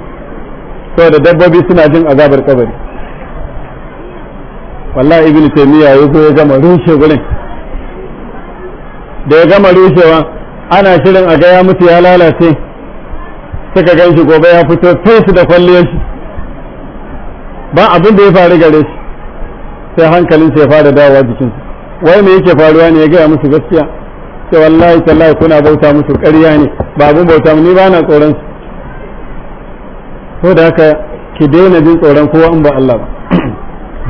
saboda dabbobi suna jin azabar kabari wallahi ibn taymiya ya zo ya gama rushe gurin da ya gama rushewa ana shirin a ga ya mutu ya lalace suka gan shi gobe ya fito fesu da kwalliyar shi ba abin da ya faru gare shi sai hankalin sai fara dawowa jikin wai me yake faruwa ne ya gaya musu gaskiya sai wallahi tallahi kuna bauta musu ƙarya ne ba abin bauta ni ba na tsoron su ko da haka ki daina jin tsoron kowa in ba Allah ba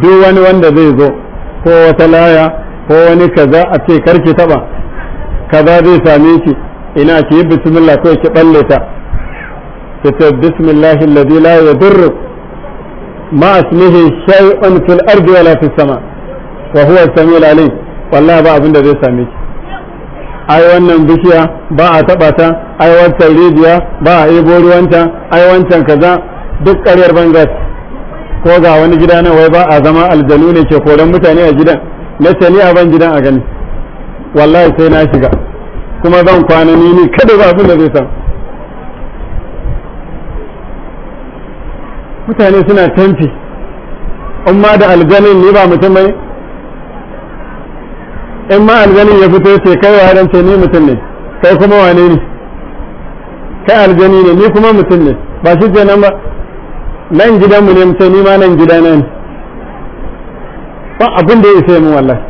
duk wani wanda zai zo ko wata laya ko wani kaza a ce karki taba kaza zai same ki ina ki yi bismillah ko ki balle ta ki ce bismillah alladhi la yadurru ma asmihi shay'un fil ardi wala fis sama wa huwa samiul alim wallahi ba abin da zai same ki ai wannan bishiya ba a taba ta ai wancan rijiya ba a ibo ruwanta ai wancan kaza duk ƙaryar bangas ko ga wani gida nan wai ba a zama aljanu ne ke koran mutane a gidan na ce ni a ban gidan a gani wallahi sai na shiga kuma zan kwana ni ni kada ba abin da zai san mutane suna canfi amma da aljanin ni ba mutum bane in ma aljanin ya fito sai kai wa ran ce ni mutum ne kai kuma wane ne kai aljani ne ni kuma mutum ne ba shi nan ba nan gidan mu ne mutai ni ma nan gida nan ba abin da ya isa mu wallahi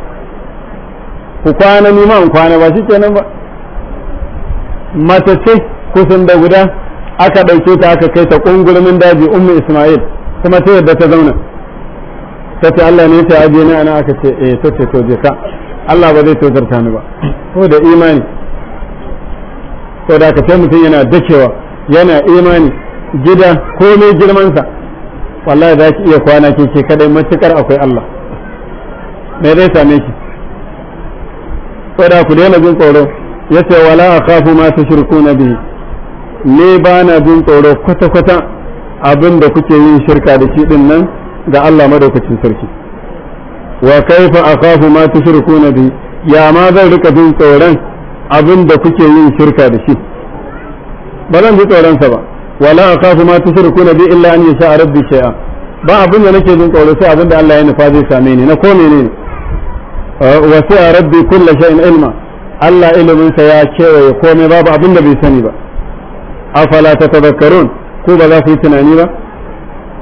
ku kwana ni ma in kwana ba shi kenan ba Mata ce kusan da guda aka ɗauke ta aka kai ta ƙungulmin daji ummu isma'il kuma ta yadda ta zauna ta ce Allah ne ta aje ni ana aka ce eh ta ce to je ka Allah ba zai tozarta ni ba ko da imani ko da ka sai mutum yana dakewa yana imani gida ko ne girmansa wallahi za ki iya kwana ke ke kadai matukar akwai Allah me zai same ki saboda ku daina jin tsoro ya ce wala akhafu ma na bihi ne ba na jin tsoro kwata kwata abin da kuke yin shirka da shi din nan ga Allah madaukakin sarki wa kaifa akhafu ma na bihi ya ma zan rika jin tsoron abin da kuke yin shirka da shi ba zan ji tsoronsa ba wala akafu ma tusrikuna bi illa an yasha rabbi shay'a ba abin da nake jin tsoro sai abin da Allah ya nufa zai same ni na ko menene eh, wa sai rabbi kullu shay'in ilma Allah ilimin sa ya kewaye komai babu abin da bai sani ba afala tatadhakkarun ku ba za ku yi tunani ba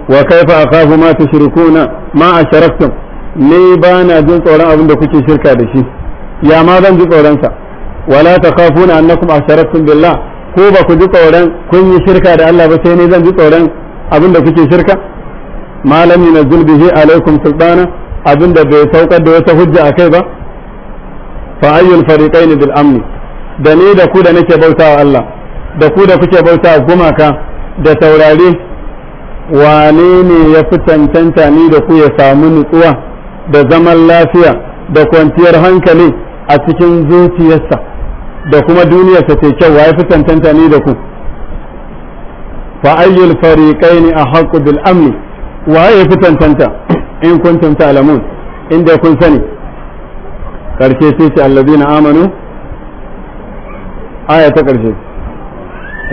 wa kaifa akhafu ma tushrikuna ma asharaktum ni ba na jin tsoron abin da kuke shirka da shi ya ma zan ji tsoron sa wala takhafuna annakum asharaktum billah ko ba ku ji tsoron kun yi shirka da Allah ba sai ne zan ji tsoron abin da kuke shirka malami na zulbihi alaikum sultana abin da bai saukar da wata hujja a kai ba fa ayyul fariqaini bil amni da ni da ku da nake bautawa Allah da ku da kuke bautawa gumaka da taurari wane ne ya fi cancanta ni da ku ya samu nutsuwa da zaman lafiya da kwanciyar hankali a cikin zuciyarsa da kuma ta ce kyau waye fi tantanta ni da ku fa ayyul fariqain ahqqu bil amn waye fi tantanta in kuntum ta'lamun inda kun sani karshe sai ce allazina amanu aya ta karshe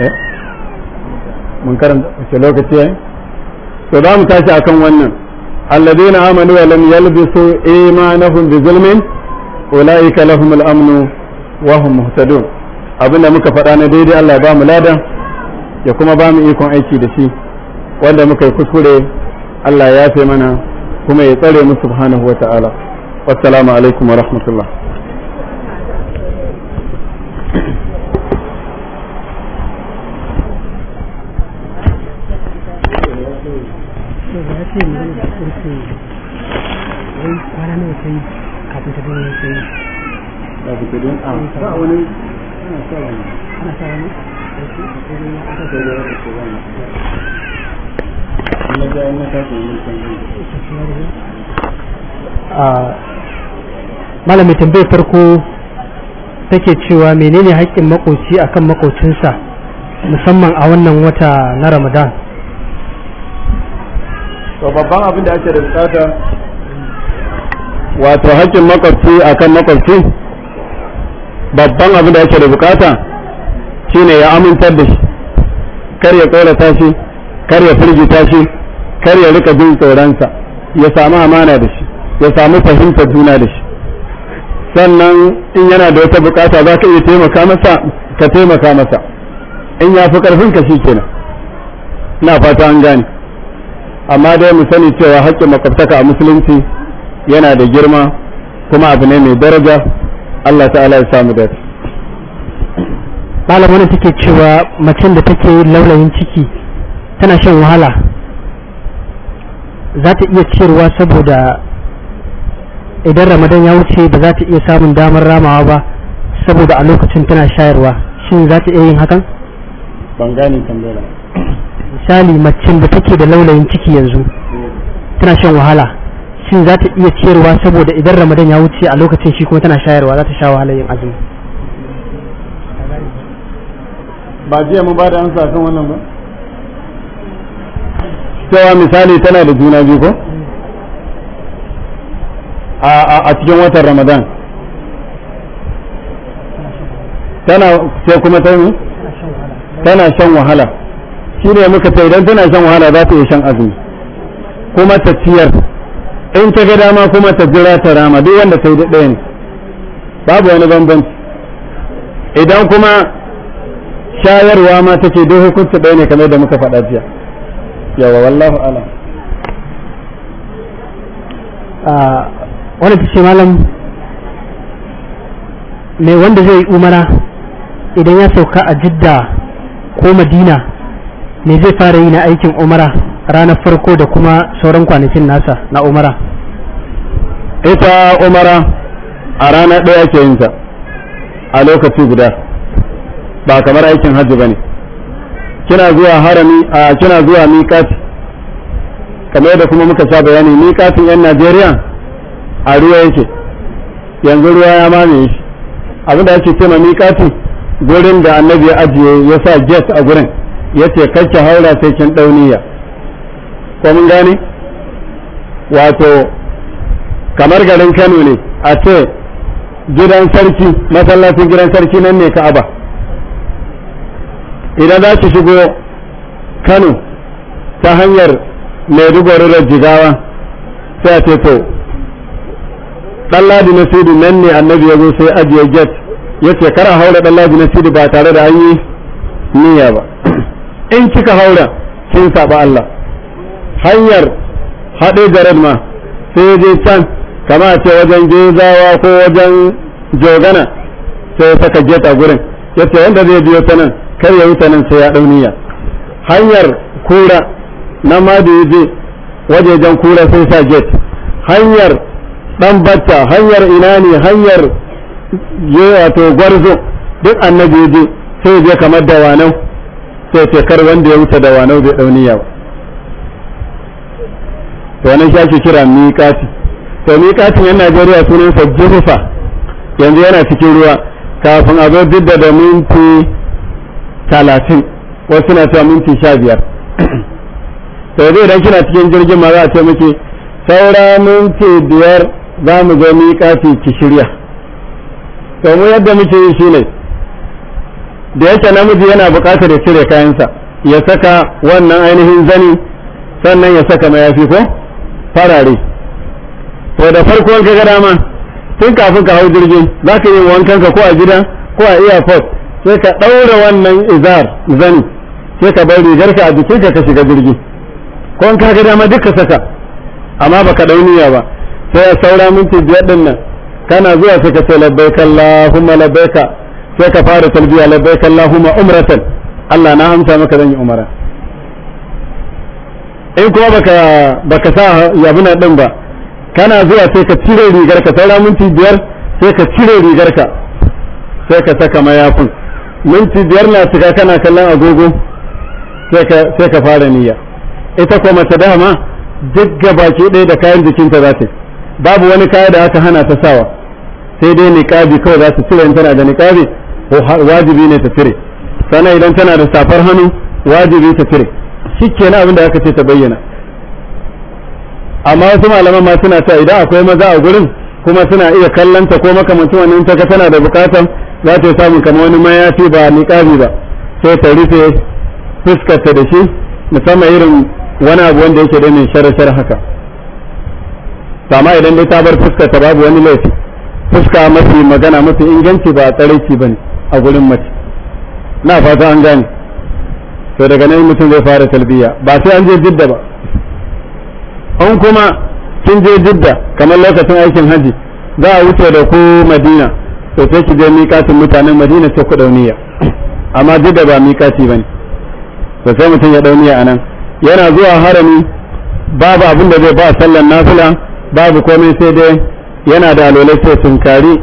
eh? mun karanta ce lokaci ne to da mu tashi akan wannan allazina amanu wa lam yalbisu imanahum bi zulmin ulaika lahumul amnu wahum muhtadun abinda muka faɗa na daidai Allah ya ba mu ladan ya kuma ba mu ikon aiki da shi wanda muka yi kuskure Allah ya yafe mana kuma ya tsare mu subhanahu wata'ala wassalamu alaikum wa rahmatullah Thank you. malami tambayar farko take cewa menene haƙƙin makoci akan makocinsa musamman a wannan wata na ramadan to babban abin da ake da bukata wato haƙƙin makoci akan makwabci babban abin da yake da bukata shine ya amintar da shi kar ya tsorata shi kar ya firgita shi kar ya rika jin tsoronsa ya samu amana da shi ya samu fahimtar juna da shi sannan in yana da wata bukata za ka iya taimaka masa ka taimaka masa in ya fi karfin ka shi kenan na fata an gane amma dai mu sani cewa haƙƙin makwabtaka a musulunci yana da girma kuma abu ne mai daraja Allah ta'ala ya samu dace malamin take cewa macen da take laulayin ciki tana shan wahala za ta iya ciyarwa saboda idan ramadan ya wuce ba za ta iya samun damar ramawa ba saboda a lokacin tana shayarwa shin za ta iya yin hakan ban gane tambayar misali macen da take da laulayin ciki yanzu tana shan wahala shin za ta iya ciyarwa saboda idan ramadan ya wuce a lokacin shi kuma tana shayarwa za ta sha wahalar yin azumi ba jiya mun ba da amsa kan wannan ba cewa misali tana da juna biyu ko a cikin watan ramadan tana sai kuma ta yi tana shan wahala shi ne muka ce idan tana shan wahala za ta iya shan azumi kuma ta ciyar in ta ga dama kuma ta jira ta rama duk wanda ta yi da ɗaya ne babu wani bambanci idan kuma shayarwa ma take duk hukunci ɗaya ne kamar da muka faɗa jiya yawa wallahu ala ah, wani ta ce malam mai wanda zai yi umara idan ya sauka a jidda ko madina me zai fara yi na aikin umara ranar farko da kuma sauran kwanakin nasa na umara ita umara a rana ɗaya ke yin ta a lokaci guda ba kamar aikin hajji ba ne kina zuwa harami a kina zuwa mikati kamar yadda kuma muka sa bayani miƙatin 'yan najeriya a ruwa yake yanzu ruwa ya mamaye shi abinda ya ce ma mikati gurin da annabi ya ajiye ya sa jet a gurin ya ce kakke haura sai kin ɗauniya ko mun gane wato kamar garin Kano ne a ce gidan sarki masallacin gidan sarki nan ne Ka'aba idan za ki shigo Kano ta hanyar Maiduguri da Jigawa sai a ce to ɗanladi na sidi nan ne annabi ya zo sai ajiye get yace ce kara haura ɗanladi na sidi ba tare da an yi niyya ba in kika haura kin saba Allah hanyar haɗe da ma sai je can kama ce wajen gezawa ko wajen jogana sai ya saka geta gurin ya ce wanda zai biyo ta nan kar ya wuce nan sai ya ɗau niyya hanyar kura na ma da je wajejen kura sai sa get hanyar ɗan batta hanyar ina ne hanyar je wato gwarzo duk annabi je sai je kamar dawanau sai ce kar wanda ya wuce dawanau bai ɗau niyya ba to wannan shi ake kira miƙati to miƙatin yan Najeriya sunan sa jufufa yanzu yana cikin ruwa kafin a zo didda da minti talatin wasu na cewa minti sha biyar to yanzu idan kina cikin jirgin ma za a ce miki saura minti biyar za mu zo miƙati ki shirya to mu yadda muke yi shine da yake namiji yana buƙatar ya cire kayansa ya saka wannan ainihin zani sannan ya saka mayafi ko farare to da farko ka ga dama tun kafin ka hau jirgin za ka yi wankan ka ko a gida ko a airport sai ka ɗaura wannan izar zani sai ka bar rigar ka a jikin ka ka shiga jirgi ko an ka ga dama duka saka amma baka dauniya ba sai a saura minti biyar din nan kana zuwa sai ka ce labbaika allahumma sai ka fara talbiya labbaika allahumma umratan Allah na amsa maka zan yi umara in kuma baka baka sa yabuna din ba kana zuwa sai ka cire rigar ka sai minti biyar sai ka cire rigar ka sai ka saka mayafin minti biyar na cika kana kallon agogo sai ka fara niyya ita kuma ta dama duk baki ɗaya da kayan jikinta za ta babu wani kaya da aka hana ta sawa sai dai niqabi kawai za ta cire in tana da niqabi wajibi ne ta cire sannan idan tana da safar hannu wajibi ta cire shi kenan abin da aka ce ta bayyana amma wasu malaman ma suna ta idan akwai maza a gurin kuma suna iya kallanta ko makamancin wannan ta ka tana da bukatan za ta samu kamar wani mayafi ba niqabi ba sai ta rufe fuskarta da shi musamman irin wani abu wanda yake da mai sharar haka amma idan dai ta bar fuskarta babu wani laifi fuska mafi magana mafi inganci ba ba ne a gurin mace na fata an gane so daga nan mutum zai fara talbiya ba sai an je jidda ba an kuma kin je jidda kamar lokacin aikin haji za a wuce da ku madina to sai ki je miƙatin mutanen madina sai ku dauniya amma jidda ba miƙati ba ne to sai mutum ya dauniya a nan yana zuwa harami babu abin da zai ba sallan nafila babu komai sai dai yana da alolai sai kari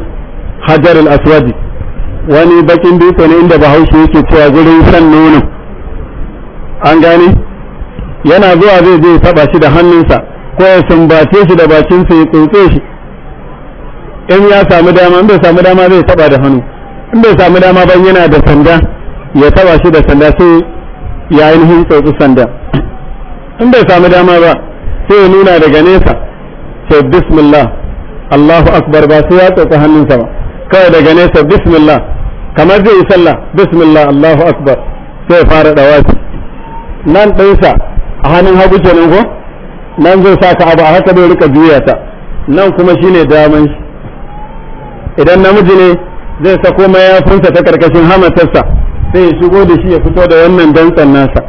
hajar al-aswadi wani bakin dutse ne inda bahaushe yake cewa gurin san nono an gane yana zuwa zai zai taba shi da hannunsa ko ya sumbace shi da bakinsa ya tsotse shi in ya samu dama in bai samu dama zai taba da hannu in bai samu dama ban yana da sanda ya taba shi da sanda sai ya ainihin tsotsi sanda in bai samu dama ba sai ya nuna daga nesa sai bismillah Allahu akbar ba sai ya tsotsi hannunsa ba kawai daga nesa bismillah kamar zai yi sallah bismillah Allahu akbar sai ya fara dawafi nan ɗansa a hannun hagu kenan ko nan zai sa ka abu a haka bai rika juya ta nan kuma shi ne daman idan namiji ne zai sako mayafinsa ta karkashin hamatarsa sai ya shigo da shi ya fito da wannan dantsan nasa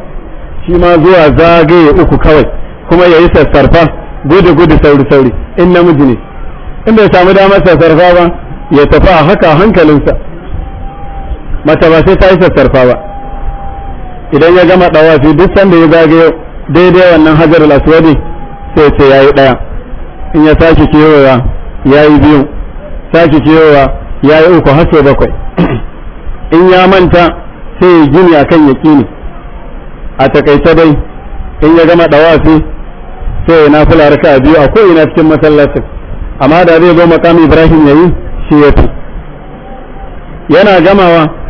shi ma zuwa zagaye uku kawai kuma ya yi sassarfa gudu gudu sauri sauri in namiji ne in bai samu damar sassarfa ba ya tafi a haka hankalinsa mata ba sai ta yi sassarfa ba idan ya gama dawafi duk sanda ya zage daidai wannan hajar aswadi sai sai yayi daya in ya sake kiyowa yayi biyu sake kiyowa yayi uku har sai bakwai in ya manta sai ya gini akan yaqini a takaice dai in ya gama dawafi sai ya nafila raka biyu a ko'ina cikin masallaci amma da zai zo makam ibrahim yayi shi ya yana gamawa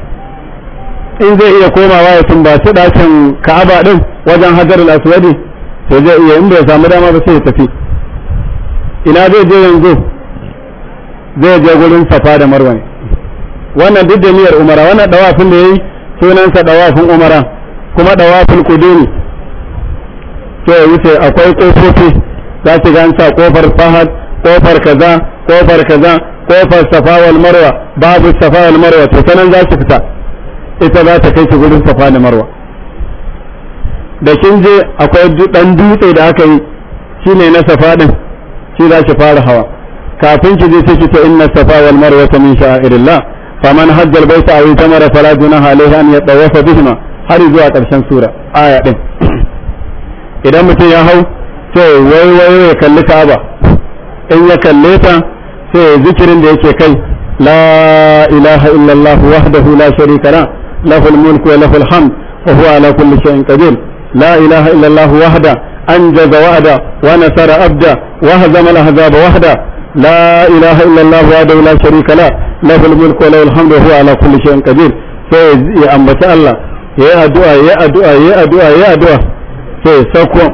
in zai iya komawa ya sumbaci ɗakin ka'aba ɗin wajen hajar aswadi sai zai iya in bai samu dama ba sai ya tafi ina zai je yanzu zai je gurin safa da marwa ne wannan duk da niyyar umara wannan dawafin da yayi sunansa dawafin umara kuma dawafin kudumi sai ya wuce akwai kofofi za ki ga sa kofar fahad kofar kaza kofar kaza kofar safa wal marwa babu safa wal marwa to sanan za su fita ita za ta kai shi gurin safa da marwa da kin je akwai dan dutse da aka yi shi ne na safa din shi za shi fara hawa kafin ki je sai ki ce inna safa wal marwa min sha'irillah faman hajja al baita aw tamara fala gunaha alayhi an yatawafa bihima har zuwa karshen sura aya din idan mutum ya hau sai wai wai ya kalli Ka'aba in ya kalle ta sai zikirin da yake kai la ilaha illallah wahdahu la sharika lahu له الملك وله الحمد وهو على كل شيء قدير لا إله إلا الله وحده أنجز وعده ونصر عبده وهزم الأحزاب وحده لا إله إلا الله وحده لا شريك له له الملك وله الحمد وهو على كل شيء قدير sai ya ambaci Allah ya yi ya addu'a ya ya sai sauko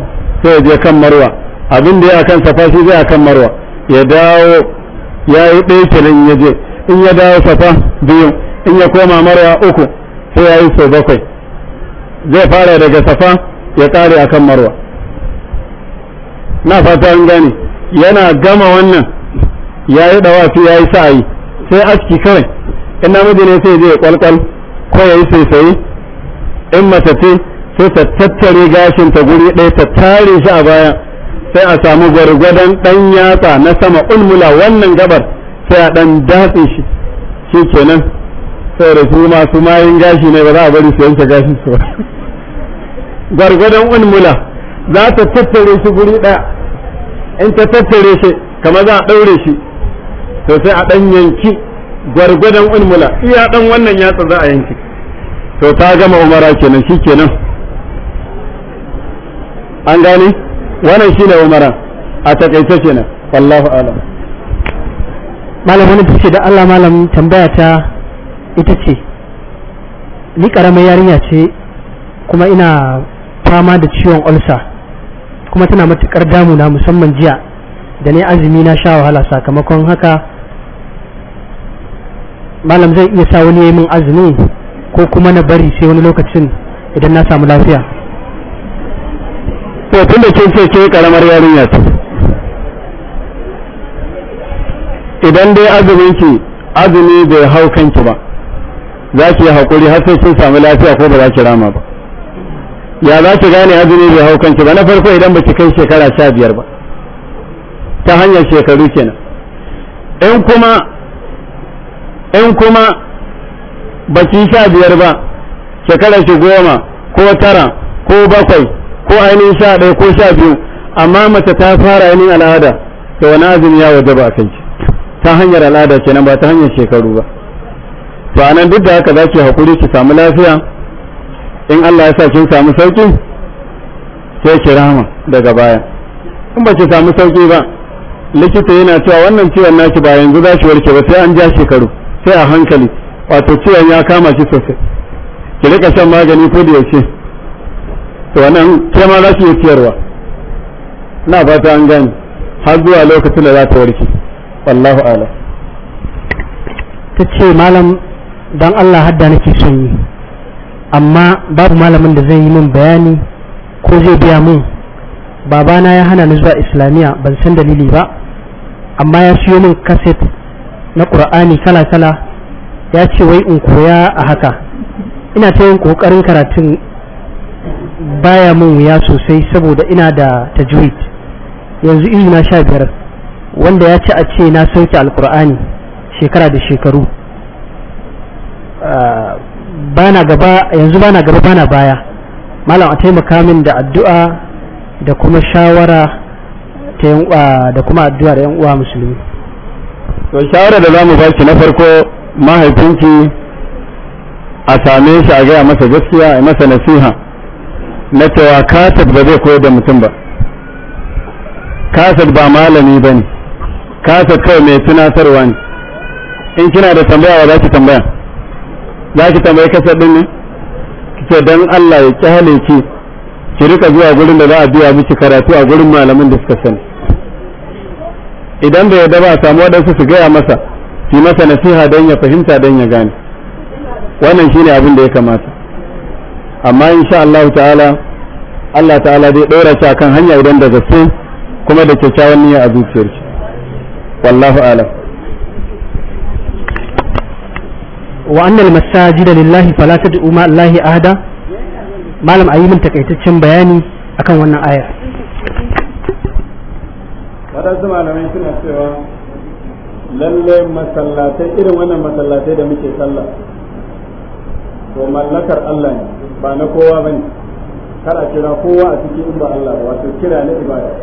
sai je kan marwa abin da ya kan safa shi zai kan marwa ya dawo ya yi ɗaya kilin ya je in ya dawo safa biyu in ya koma marwa uku sai ya yi sau bakwai zai fara daga safa ya kare a kan marwa na fata an gane yana gama wannan ya yi dawafi ya yi sa'ayi sai aski kawai in namiji ne sai zai kwalkwal ko ya yi sai in mace ce sai ta tattare gashin ta guri ɗaya ta tare shi a baya sai a samu gwargwadon ɗan yatsa na sama ulmula wannan gabar sai a ɗan datse shi shi kenan saboda su masu mayin gashi ne ba za a bari su yanke gashi su gargadon unmula za ta tattare shi guri ɗaya in ta tattare shi kamar za a ɗaure shi to sai a ɗan yanki gwargwadon unmula iya ɗan wannan yatsa za a yanki to ta gama umara kenan shi kenan an gane wannan shi ne umara a takaice kenan wallahu alam malam da ce da Allah malam tambaya ta ita ce ni karamar yarinya ce kuma ina fama da ciwon ulcer kuma tana matukar damuna musamman jiya da ne azumi na sha wahala sakamakon haka malam zai iya sa wani min azumi ko kuma na bari sai wani lokacin idan na samu lafiya to da ke ce ke karamar yarinya ce idan dai azumin ki azumi bai hau kanki ba za su yi haƙuri har sai sun samu lafiya ko ba za ki rama ba ya za ki gane azumi bai hau kanki ba na farko idan ba ki kai shekara sha biyar ba ta hanyar shekaru kenan in kuma in kuma ba ki sha biyar ba shekara ki goma ko tara ko bakwai ko ainihin sha ɗaya ko sha biyu amma mace ta fara ainihin al'ada to wani azumi ya wajaba a kanki ta hanyar al'ada kenan ba ta hanyar shekaru ba to anan duk da haka zaki hakuri ki samu lafiya in Allah ya sa kin samu sauki sai ki rama daga baya in ba ki samu sauki ba likita yana cewa wannan ciwon naki ba yanzu za shi warke ba sai an ja shekaru sai a hankali wato ciwon ya kama shi sosai ki rika shan magani ko da yaushe to wannan ke ma za ki yi ciyarwa na ta an gani har zuwa lokacin da za ta warke wallahu a'lam ta ce malam don Allah hadda nake son yi amma babu malamin da zai yi min bayani ko zai biya min babana ya hana ni zuwa islamiyya ban san dalili ba amma ya siyo min kaset na ƙur'ani kala-kala ya ce wai in koya a haka ina ta yin ƙoƙarin karatun baya min wuya sosai saboda ina da tajwid yanzu na sha biyar wanda ya ci a ce na sauke alƙur'ani shekara da shekaru Ah, bana gaba yanzu bana gaba bana baya malam a taimaka min da addu'a da kuma shawara ta da kuma addu'a da yan uwa musulmi to shawara da zamu ba na farko mahaifinki a same shi a gaya masa gaskiya a masa nasiha na cewa kasab ba zai koyar da mutum ba kasab ba malami ba ne kasab kawai mai tunatarwa ne in kina da tambaya wa za ki tambaya za ki tambayi kasar din ne kike dan Allah ya kyale ki ki rika zuwa gurin da za a biya miki karatu a gurin malamin da suka sani idan bai yarda ba samu wadansu su gaya masa ki masa nasiha dan ya fahimta dan ya gane wannan shine abin da ya kamata amma insha Allah ta'ala Allah ta'ala zai ɗora shi akan hanya idan da gaske kuma da kyakkyawan niyya a zuciyarki wallahu alam wa annal masajida lillahi fala tad'u ma allahi ahada malam ayi min takaitaccen bayani akan wannan ayar wadansu malamai suna cewa lalle masallatai irin wannan masallatai da muke sallah to mallakar Allah ne ba na kowa bane kar a kira kowa a cikin ba Allah wato kira na ibada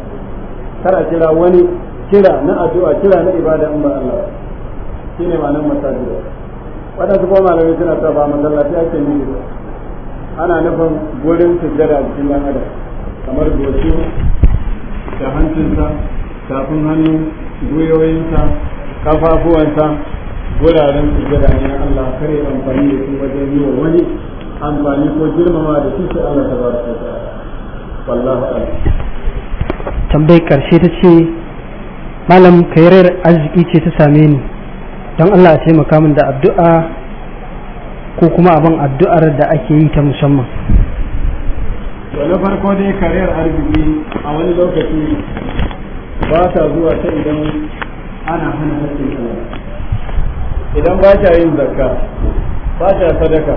kar a kira wani kira na addu'a kira na ibada in ba Allah shine ma'anar masajida waɗansu kuma malamai suna sa ba masallaci ake nufi ba ana nufin gurin sujjada a cikin dan adam kamar goshi da hancinsa tafin hannu gwiwoyinsa kafafuwansa guraren sujjada ne Allah kare amfani da su wajen yi wa wani amfani ko girmama da su sai Allah ba su ta wallahu a'lam tambayar karshe ta ce malam kairar arziki ce ta same ni don Allah ya taimaka min da addu'a ko kuma abin addu'ar da ake yi ta musamman Wani farko dai kariyar arziki a wani lokaci ba ta zuwa ta idan ana hana kala. idan ba ta yin zakka ba ta sadaka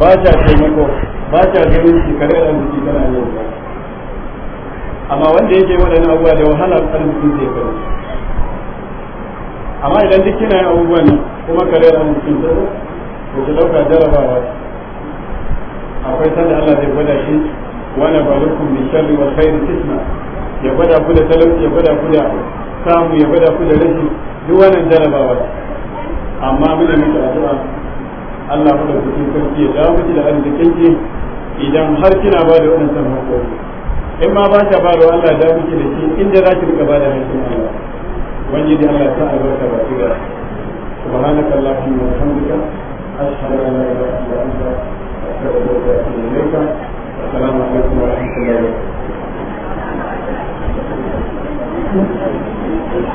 ba ta taimako ba ta ganin shi kariyar arziki tana yau amma wanda yake waɗannan abuwa da wahala arziki zai kai amma idan duk kina yin abubuwan nan kuma kare da mutum da ku ki dauka jarabawa akwai sanda Allah zai gwada shi wani balukum bi sharri wal khairi fitna ya gwada ku da talauci ya gwada ku da samu ya gwada ku da rashi duk wannan jarabawa amma muna miki addu'a Allah ku da cikin sarki ya dawo miki da arzikin ki idan har kina ba da wannan sanin in ma ba ta ba da Allah ya dawo miki da shi inda za ki rika ba da hakkin Allah ubangiji Allah ya sa albarka ba ki da subhanaka allahumma wa bihamdika ashhadu an la ilaha illa anta astaghfiruka wa atubu ilayka assalamu alaikum wa rahmatullahi wa barakatuh